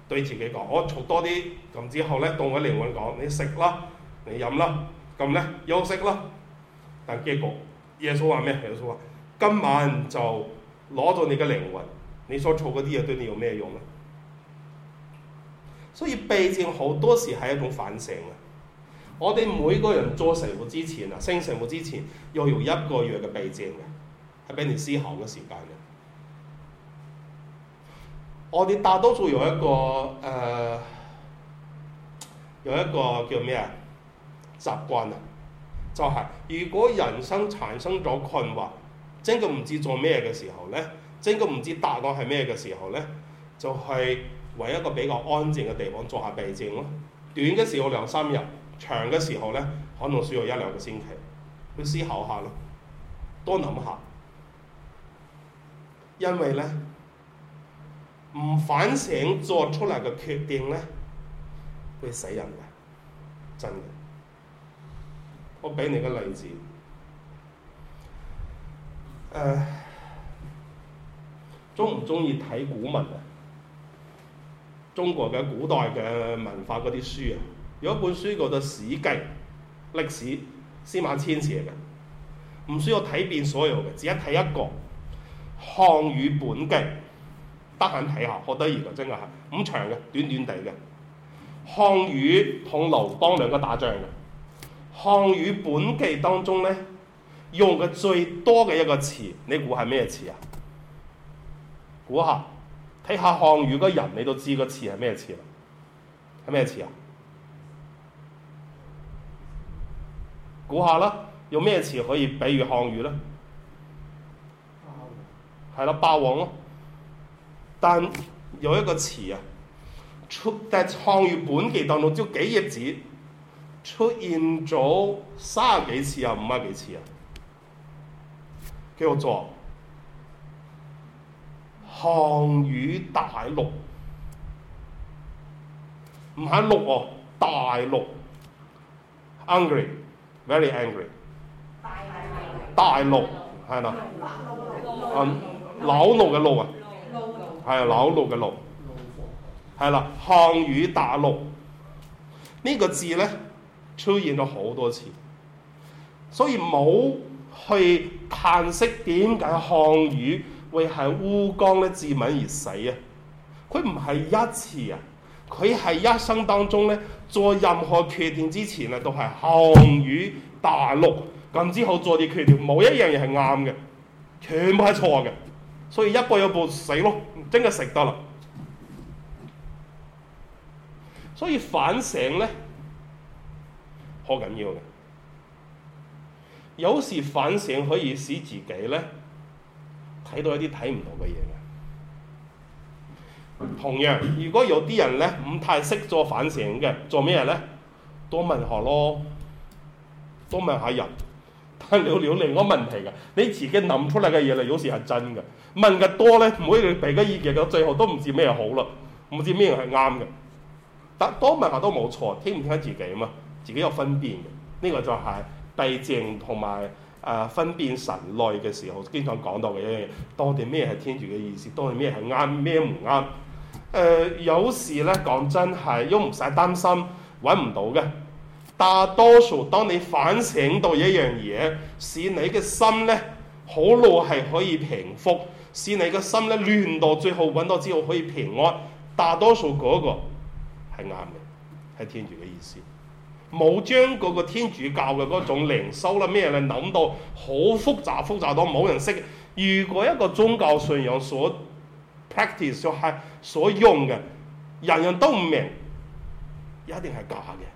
對自己講，我做多啲，咁之後咧，當我靈魂講，你食啦，你飲啦，咁咧休息啦。但結果，耶穌話咩？耶穌話：今晚就攞咗你嘅靈魂，你所做嗰啲嘢對你有咩用咧？所以避靜好多時係一種反省嘅、啊。我哋每個人做成活之前啊，升成活之前，要用一個月嘅避靜嘅，係俾你思考嘅時間。我哋大多數有一個誒、呃，有一個叫咩啊習慣啊，就係、是、如果人生產生咗困惑，真嘅唔知做咩嘅時候呢，真嘅唔知答案係咩嘅時候呢，就係揾一個比較安靜嘅地方做下避靜咯、啊。短嘅時候兩三日，長嘅時候呢，可能需要一兩個星期去思考下咯，多諗下，因為呢，唔反省作出嚟嘅決定呢，會死人嘅，真嘅。我俾你個例子，唉、呃，中唔中意睇古文啊？中國嘅古代嘅文化嗰啲書啊，有一本書叫做《史記》，歷史，司馬遷寫嘅。唔需要睇遍所有嘅，只一睇一個《項羽本紀》。得閒睇下，好得意㗎真係，係咁長嘅，短短地嘅。項羽同劉邦兩個打仗嘅，項羽本紀當中呢，用嘅最多嘅一個詞，你估係咩詞啊？估下，睇下項羽個人，你都知個詞係咩詞啦？係咩詞啊？估下啦，用咩詞可以比喻項羽呢？係咯，霸王咯、啊。但有一個詞啊，出喺創業本嘅當中，只就幾頁紙出現咗三十幾次啊，五十幾次啊，叫做漢、啊、語大陸，唔係鹿喎、啊，大陸，angry，very angry，大陸係啦，嗯陸，老奴嘅六啊。係老路嘅路，係啦，項羽大怒呢個字咧出現咗好多次，所以冇去歎息點解項羽會係烏江咧自刎而死啊！佢唔係一次啊，佢係一生當中咧做任何決定之前咧都係項羽大怒，咁之後做啲決定冇一樣嘢係啱嘅，全部係錯嘅。所以一步一步死咯，真係食得啦。所以反省咧，好緊要嘅。有時反省可以使自己咧，睇到一啲睇唔到嘅嘢嘅。同樣，如果有啲人咧唔太識做反省嘅，做咩咧？多問下咯，多問下人。了了，另一個問題嘅，你自己諗出嚟嘅嘢咧，有時係真嘅。問嘅多咧，每條俾嘅意見嘅，最後都唔知咩好咯，唔知咩係啱嘅。但多問下都冇錯，聽唔聽自己嘛，自己有分辨嘅。呢個就係避靜同埋誒分辨神類嘅時候，經常講到嘅一樣嘢。到底咩係天主嘅意思，到底咩係啱，咩唔啱？誒，有時咧講真係，都唔使擔心，搵唔到嘅。大多數，當你反省到一樣嘢，使你嘅心咧好耐係可以平復；使你嘅心咧亂到最後揾到之後可以平安。大多數嗰個係啱嘅，係天主嘅意思。冇將嗰個天主教嘅嗰種靈修啦咩啦諗到好複雜，複雜到冇人識。如果一個宗教信仰所 practice 所係所用嘅，人人都唔明，一定係假嘅。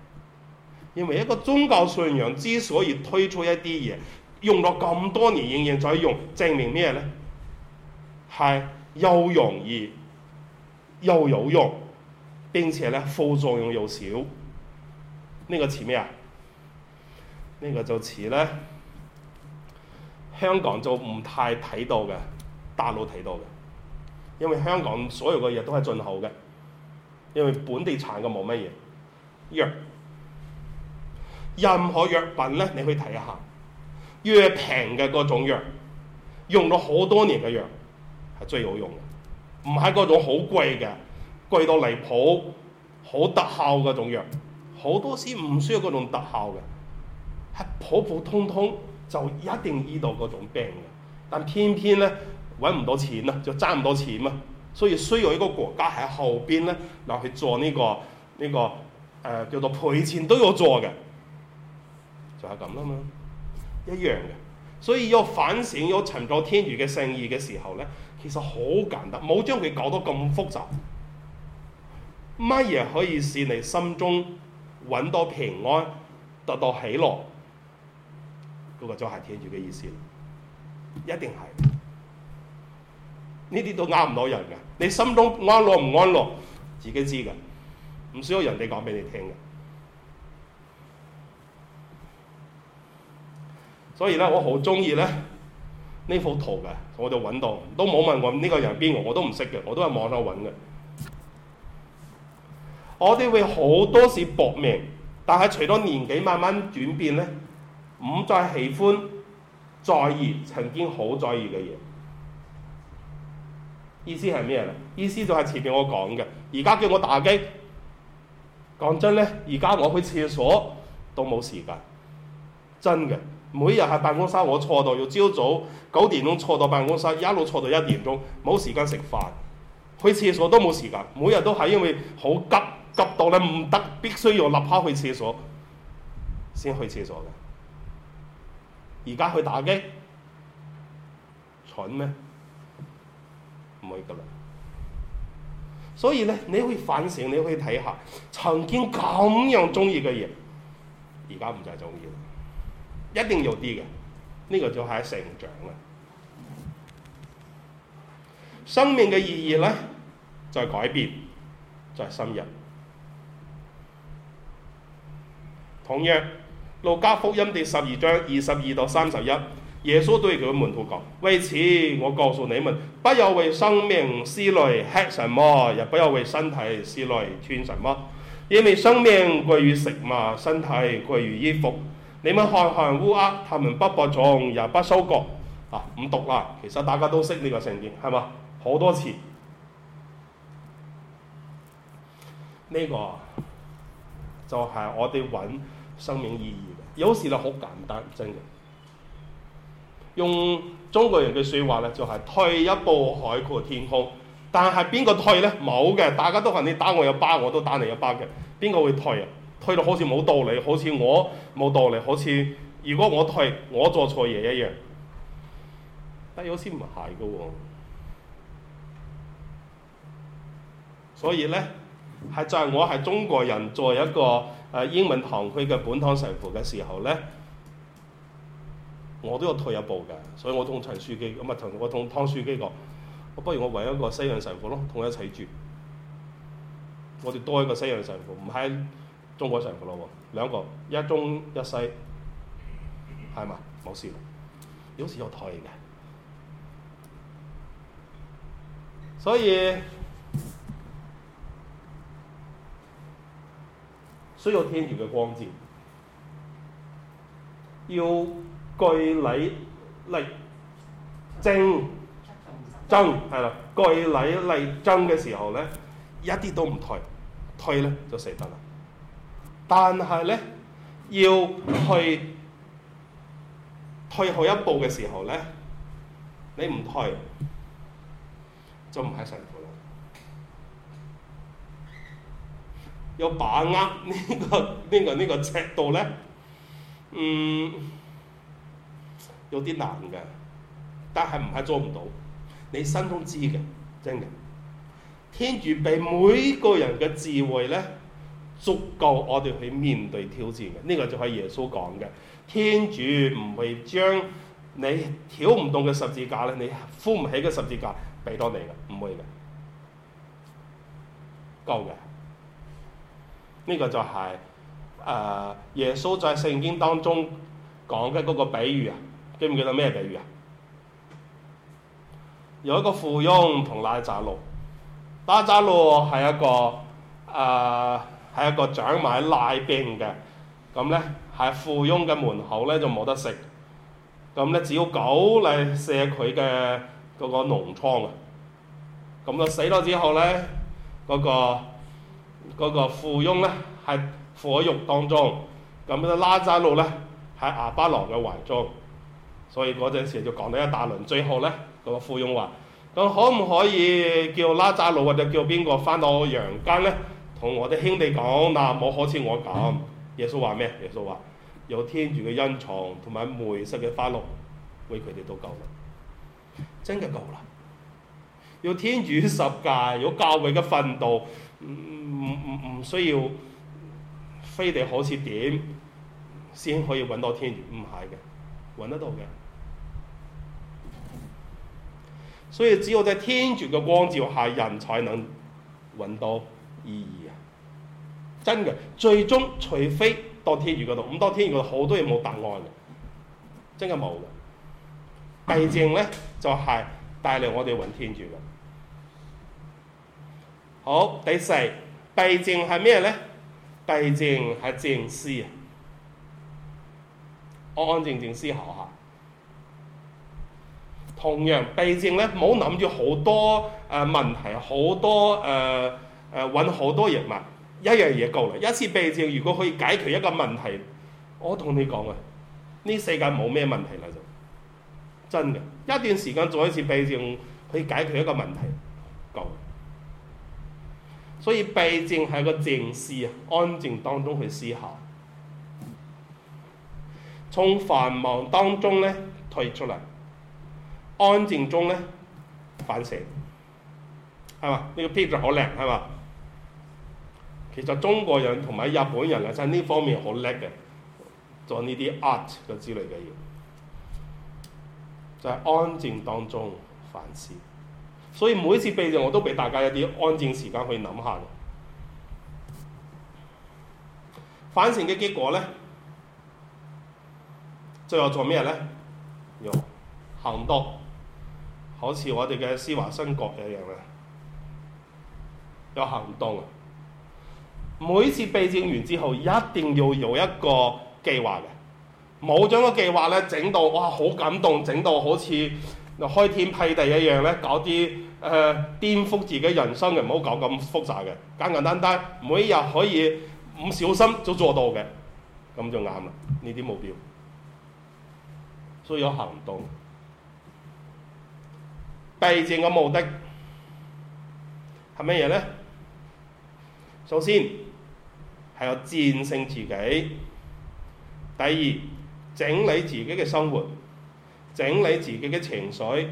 因為一個宗教信仰之所以推出一啲嘢，用咗咁多年仍然在用，證明咩咧？係又容易又有用，並且咧副作用又少。呢個似咩啊？呢個就似咧香港就唔太睇到嘅，大陸睇到嘅。因為香港所有嘅嘢都係進口嘅，因為本地產嘅冇乜嘢。任何藥品咧，你去睇一下，越平嘅嗰種藥，用咗好多年嘅藥，係最好用嘅，唔係嗰種好貴嘅，貴到離譜，好特效嗰種藥，好多時唔需要嗰種特效嘅，係普普通通就一定醫到嗰種病嘅，但偏偏咧揾唔到錢啦，就賺唔到錢嘛，所以需要一個國家喺後邊咧，嚟去做呢、呢個呢、呢個誒、呃、叫做賠錢都要做嘅。就係咁啦嘛，一樣嘅，所以要反省要尋找天主嘅聖意嘅時候咧，其實好簡單，冇將佢搞到咁複雜。乜嘢可以使你心中揾到平安、得到喜樂？嗰個就係天主嘅意思，一定係。呢啲都呃唔到人嘅，你心中安樂唔安樂，自己知嘅，唔需要人哋講俾你聽嘅。所以咧，我好中意咧呢幅圖嘅，我就揾到，都冇問我呢個人係邊個，我都唔識嘅，我都係網上揾嘅。我哋會好多時搏命，但係除咗年紀慢慢轉變咧，唔再喜歡在意曾經好在意嘅嘢。意思係咩咧？意思就係前面我講嘅，而家叫我打機，講真咧，而家我去廁所都冇時間，真嘅。每日喺辦公室我坐到要朝早九點鐘，坐到辦公室一路坐到一點鐘，冇時間食飯，去廁所都冇時間。每日都係因為好急，急到咧唔得，必須要立刻去廁所先去廁所嘅。而家去打機，蠢咩？唔會噶啦。所以咧，你可以反省，你可以睇下，曾經咁樣鍾意嘅嘢，而家唔再鍾意。一定有啲嘅，呢、這個就係成長啦。生命嘅意義咧，在、就是、改變，就是深入。同樣，路加福音第十二章二十二到三十一，耶穌對佢門徒講：為此，我告訴你們，不要為生命思慮吃什麼，也不要為身體思慮穿什麼，因為生命貴於食物，身體貴於衣服。你們看看烏鴉，他們不播種，也不收割。啊，唔讀啦，其實大家都識呢個成語，係嘛？好多詞，呢、這個就係、是、我哋揾生命意義有時就好簡單，真嘅。用中國人嘅説話咧，就係、是、退一步海闊天空。但係邊個退咧？冇嘅，大家都話你打我一巴，我都打你一巴嘅。邊個會退啊？推到好似冇道理，好似我冇道理，好似如果我退，我做錯嘢一樣，但有時唔係嘅喎。所以咧，係就係我係中國人，做一個誒英文堂區嘅本堂神父嘅時候咧，我都要退一步嘅。所以我同陳書記咁啊同我同湯書記講，不如我揾一個西洋神父咯，同佢一齊住。我哋多一個西洋神父，唔係。中西成副咯喎，兩個一中一西，係嘛，冇事。有時有退嘅，所以需要天然嘅光線，要據理嚟爭爭係啦。據理嚟爭嘅時候咧，一啲都唔退，退咧就死得啦。但係咧，要去退，退後一步嘅時候咧，你唔退就唔係神父啦。要把握呢個、呢個、呢個尺度咧，嗯，有啲難嘅，但係唔係做唔到。你心中知嘅，真嘅。天主俾每個人嘅智慧咧，足夠我哋去面對挑戰嘅，呢、這個就係耶穌講嘅。天主唔會將你挑唔動嘅十字架咧，你負唔起嘅十字架俾到你嘅，唔會嘅，夠嘅。呢、這個就係、是、誒、呃、耶穌在聖經當中講嘅嗰個比喻啊，記唔記得咩比喻啊？有一個富翁同拉扎路，拉扎路係一個誒。呃係一個長埋拉兵嘅，咁呢，喺富翁嘅門口呢就冇得食，咁呢，只要狗嚟射佢嘅嗰個膿瘡啊，咁啊死咗之後呢，嗰、嗰個嗰、嗰個富翁呢喺火獄當中，咁啊拉匝祿呢喺亞巴郎嘅懷中，所以嗰陣時就講咗一大輪，最後呢、嗰個富翁話：咁可唔可以叫拉匝祿或者叫邊個返到陽間呢？」同我啲兄弟講嗱，冇好似我咁。耶穌話咩？耶穌話：有天主嘅恩寵同埋梅瑟嘅花露，為佢哋都夠啦。真嘅夠啦！要天主十戒，有教會嘅訓導，唔唔唔需要非得好似點先可以揾到天主。唔係嘅，揾得到嘅。所以只有在天主嘅光照下，人才能揾到意義。真嘅，最終除非到天主嗰度，咁多天主嗰度好多嘢冇答案嘅，真嘅冇嘅。避靜咧就係帶嚟我哋揾天主嘅。好，第四避靜係咩咧？避靜係靜思啊，安安靜靜思考下。同樣避靜咧，唔好諗住好多誒、呃、問題，好多誒誒揾好多嘢問。一樣嘢夠啦！一次避靜如果可以解決一個問題，我同你講啊，呢世界冇咩問題啦就真嘅。一段時間做一次避靜，可以解決一個問題夠。所以避靜係個靜思啊，安靜當中去思考，從繁忙當中咧退出嚟，安靜中咧反省，係嘛？呢個 picture 好靚係嘛？其實中國人同埋日本人啊，就係呢方面好叻嘅，做呢啲 art 嘅之類嘅嘢，就係安靜當中反思。所以每次避靜我都俾大家一啲安靜時間去諗下嘅。反省嘅結果咧，最後做咩咧？有行動，好似我哋嘅施華新國一樣啊，有行動啊！每次避靜完之後，一定要有一個計劃嘅。冇將個計劃咧整到哇好感動，整到好似開天辟地一樣咧，搞啲誒顛覆自己人生嘅，唔好搞咁複雜嘅，簡簡單單，每日可以唔小心都做到嘅，咁就啱啦。呢啲目標，所以有行動。避靜嘅目的係乜嘢咧？首先。係有戰勝自己。第二，整理自己嘅生活，整理自己嘅情緒，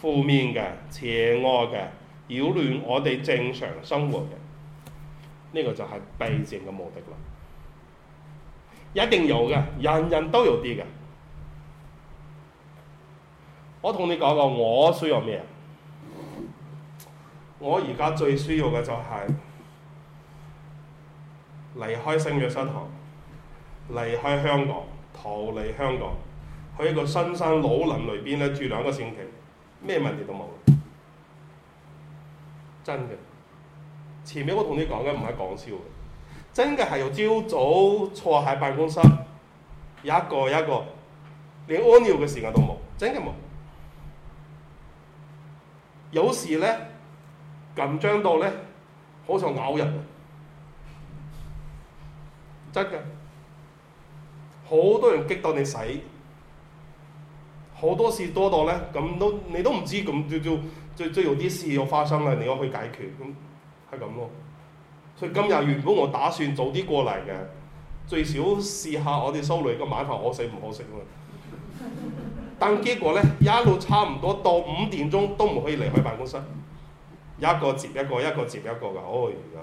負面嘅、邪惡嘅、擾亂我哋正常生活嘅，呢個就係避靜嘅目的啦。一定有嘅，人人都有啲嘅。我同你講講我需要咩？我而家最需要嘅就係。離開星月新行，離開香港，逃離香港，去一個深山老林裏邊呢住兩個星期，咩問題都冇，真嘅。前面我同你講嘅唔係講笑嘅，真嘅係由朝早坐喺辦公室，有一個有一個，連屙尿嘅時間都冇，真嘅冇。有時呢，緊張到呢，好想咬人。好多人激到你死，好多事多到呢，咁都你都唔知咁就就就有啲事要發生啦，你要去解決咁係咁咯。所以今日原本我打算早啲過嚟嘅，最少試下我哋蘇女個晚飯我食唔好食 但結果呢，一路差唔多到五點鐘都唔可以離開辦公室，一個接一個，一個接一個噶，哎呀！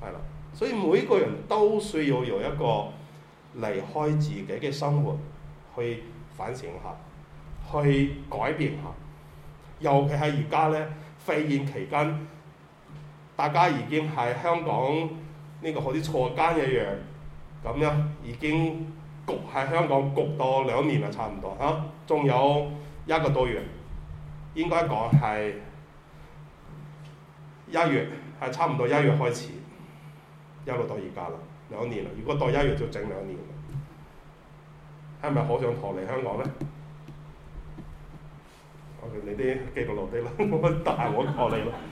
係啦，所以每個人都需要有一個離開自己嘅生活去反省下，去改變下。尤其係而家咧，肺炎期間，大家已經係香港呢個好似坐監一樣咁樣，已經焗喺香港焗多兩年啦，差唔多啊，仲有一個多月，應該講係一月，係差唔多一月開始。一路到而家啦，兩年啦。如果到一月就整兩年，係咪好想逃離香港呢？我哋你啲繼續落低啦，呵呵大我得閒我學你咯。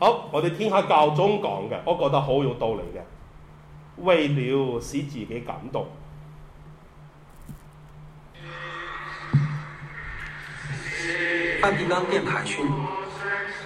好，我哋聽下教宗講嘅，我覺得好有道理嘅。為了使自己感動，梵蒂岡電台訊。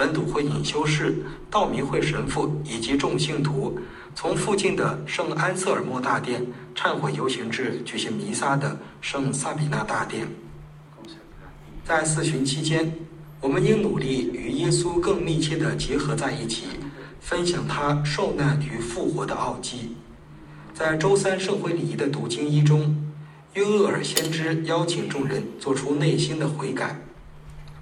本篤會隱修士、道明會神父以及眾信徒，從附近的聖安瑟爾莫大殿懺悔遊行至舉行彌撒的聖薩比納大殿。在四旬期間，我們應努力與耶穌更密切的結合在一起，分享他受難與復活的奧蹟。在周三聖灰禮儀的讀經一中，約厄爾先知邀請眾人做出內心的悔改。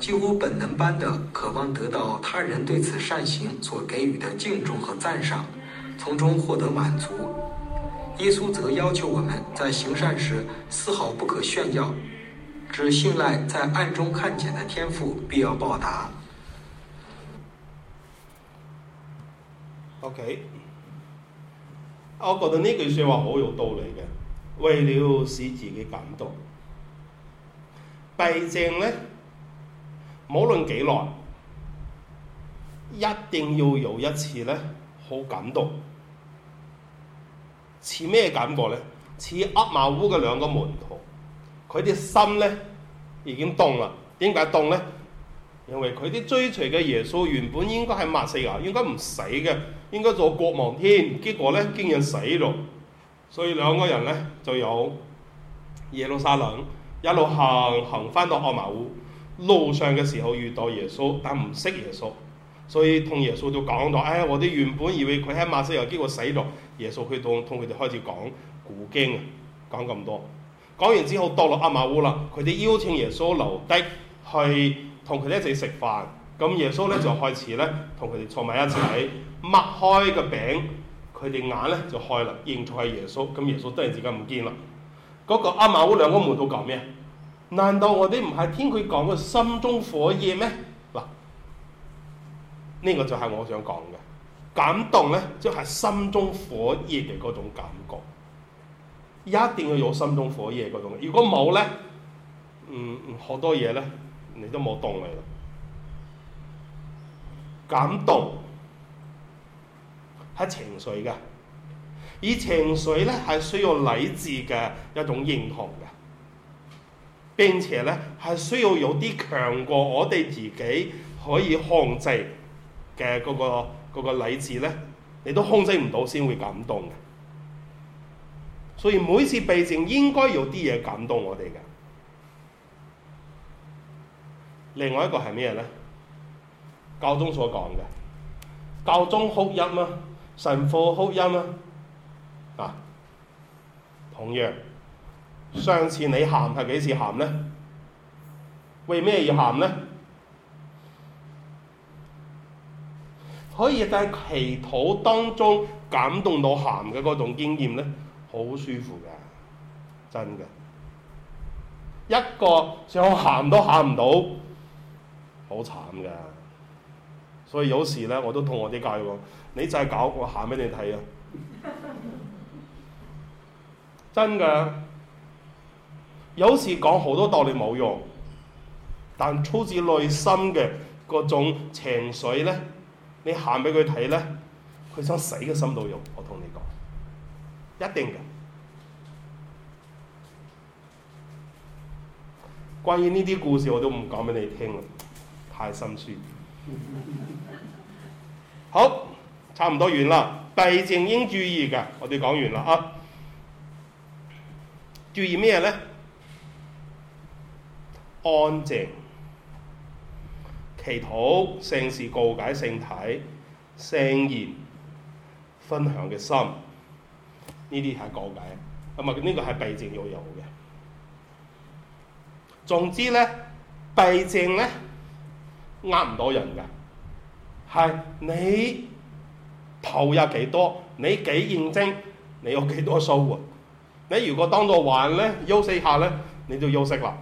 幾乎本能般的渴望得到他人對此善行所給予的敬重和讚賞，從中獲得滿足。耶穌則要求我們在行善時絲毫不可炫耀，只信賴在暗中看見的天父必要報答。OK，我覺得呢句說話好有道理嘅，為了使自己感動，避靜呢？無論幾耐，一定要有一次呢。好感動。似咩感覺呢？似厄瑪烏嘅兩個門徒，佢啲心呢已經凍啦。點解凍呢？因為佢啲追隨嘅耶穌原本應該係抹死啊，應該唔死嘅，應該做國王添。結果呢，竟然死咗。所以兩個人呢，就有耶路撒冷一路行行翻到厄瑪烏。路上嘅時候遇到耶穌，但唔識耶穌，所以同耶穌就講到，哎呀，我哋原本以為佢喺馬西有機會死咗。耶穌佢同同佢哋開始講古經啊，講咁多。講完之後到落阿馬烏啦，佢哋邀請耶穌留低去同佢哋一齊食飯。咁耶穌咧就開始咧同佢哋坐埋一齊，擘開個餅，佢哋眼咧就開啦，認出係耶穌。咁耶穌突然之間唔見啦。嗰個阿馬烏兩個門徒講咩？難道我哋唔係聽佢講嘅心中火熱咩？嗱，呢個就係我想講嘅。感動咧，即係心中火熱嘅嗰種感覺，一定要有心中火熱嗰種。如果冇咧，嗯，好多嘢咧，你都冇動力啦。感動係情緒嘅，而情緒咧係需要理智嘅一種認同嘅。並且咧，係需要有啲強過我哋自己可以控制嘅嗰、那個嗰、嗰個理智咧，你都控制唔到先會感動嘅。所以每次避靜應該有啲嘢感動我哋嘅。另外一個係咩咧？教宗所講嘅，教宗哭音啊，神父哭音啊，啊，同樣。上次你喊係幾時喊呢？為咩要喊呢？可以喺祈禱當中感動到喊嘅嗰種經驗呢，好舒服㗎，真㗎。一個想喊都喊唔到，好慘噶。所以有時呢，我都同我啲教友講：你再搞，我喊俾你睇啊！真㗎。有時講好多道理冇用，但出自內心嘅嗰種情緒咧，你行俾佢睇咧，佢想死嘅心都有，我同你講，一定嘅。關於呢啲故事我都唔講俾你聽啦，太心酸。好，差唔多完啦。避靜應注意嘅，我哋講完啦啊！注意咩咧？安靜、祈禱、聖事告解、聖體、聖言、分享嘅心，呢啲係告解，咁啊呢個係避靜要有嘅。總之咧，避靜咧呃唔到人嘅，係你投入幾多，你幾認真，你有幾多收穫喎，啊？你如果當到玩咧，休息下咧，你就休息啦。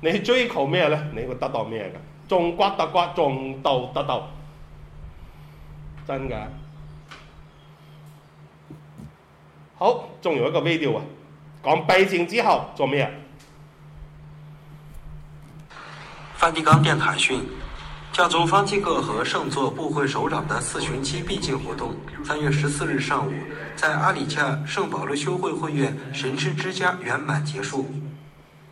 你追求咩咧？你會得到咩嘅？種瓜得瓜，種豆得豆，真㗎。好，仲有一個 video 啊，講避靜之後做咩？梵蒂岡電台訊：教宗方濟各和聖座部會首長的四旬期避靜活動，三月十四日上午在阿里恰聖保羅修會會院神師之家圓滿結束。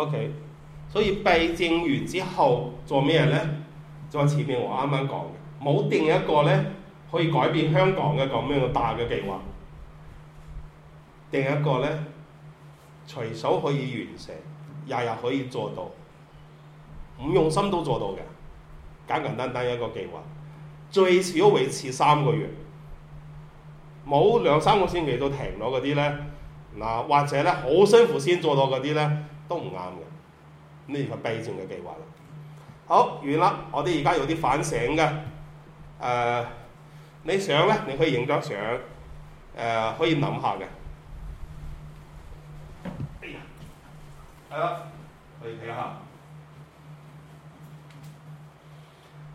O.K.，所以避靜完之後做咩呢？再前面我啱啱講嘅冇定一個呢可以改變香港嘅咁樣大嘅計劃。定一個呢，隨手可以完成，日日可以做到，唔用心都做到嘅，簡簡單單一個計劃，最少維持三個月。冇兩三個星期都停咗嗰啲呢。嗱或者呢，好辛苦先做到嗰啲呢。都唔啱嘅，呢個避靜嘅計劃好，完啦，我哋而家有啲反省嘅。誒、呃、呢相咧，你可以影張相，誒、呃、可以諗下嘅。係啊、哎，我哋睇下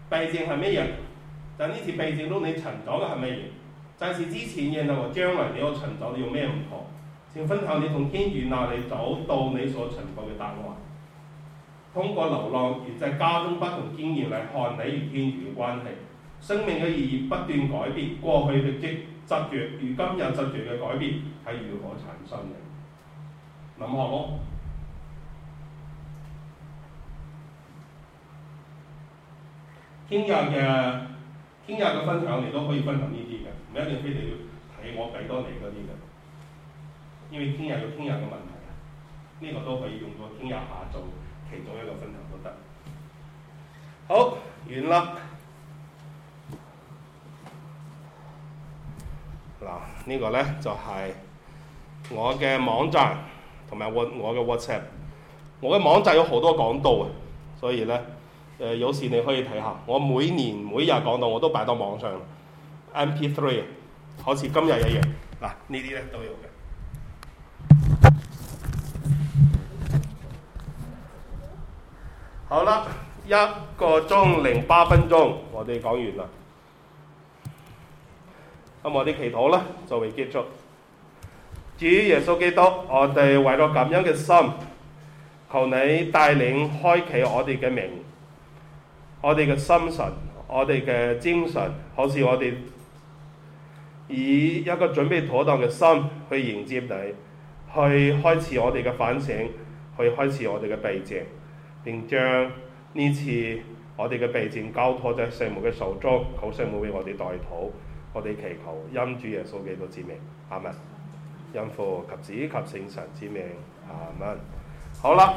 避靜係咩嘢？但呢次避靜到你尋找嘅係咩嘢？但係之前嘅嗰個將來你要尋找有，有咩唔同？要分享你同天主鬧，你找到你所尋求嘅答案。通過流浪，以及家中不同經驗嚟看你與天主嘅關係。生命嘅意義不斷改變，過去嘅執着，如今又執着嘅改變係如何產生嘅？諗下咯。聽日嘅聽日嘅分享，你都可以分享呢啲嘅，唔一定非哋要睇我俾多你嗰啲嘅。因為聽日有聽日嘅問題呢、這個都可以用到聽日下做其中一個分享都得。好完啦，嗱，這個、呢個咧就係、是、我嘅網站同埋我我嘅 WhatsApp。我嘅網站有好多講道啊，所以咧誒、呃、有時你可以睇下。我每年每日講道我都擺到網上，MP3 好似今日一樣嗱，呢啲咧都有嘅。好啦，一個鐘零八分鐘，我哋講完啦。咁我哋祈禱啦，作為結束。至主耶穌基督，我哋為咗咁樣嘅心，求你帶領開啟我哋嘅名，我哋嘅心神，我哋嘅精神，好似我哋以一個準備妥當嘅心去迎接你，去開始我哋嘅反省，去開始我哋嘅避靜，並將呢次我哋嘅避靜交託在聖母嘅手中，好聖母為我哋代禱，我哋祈求因主耶穌基督之名，阿門。因父及子及聖神之名，阿門。好啦。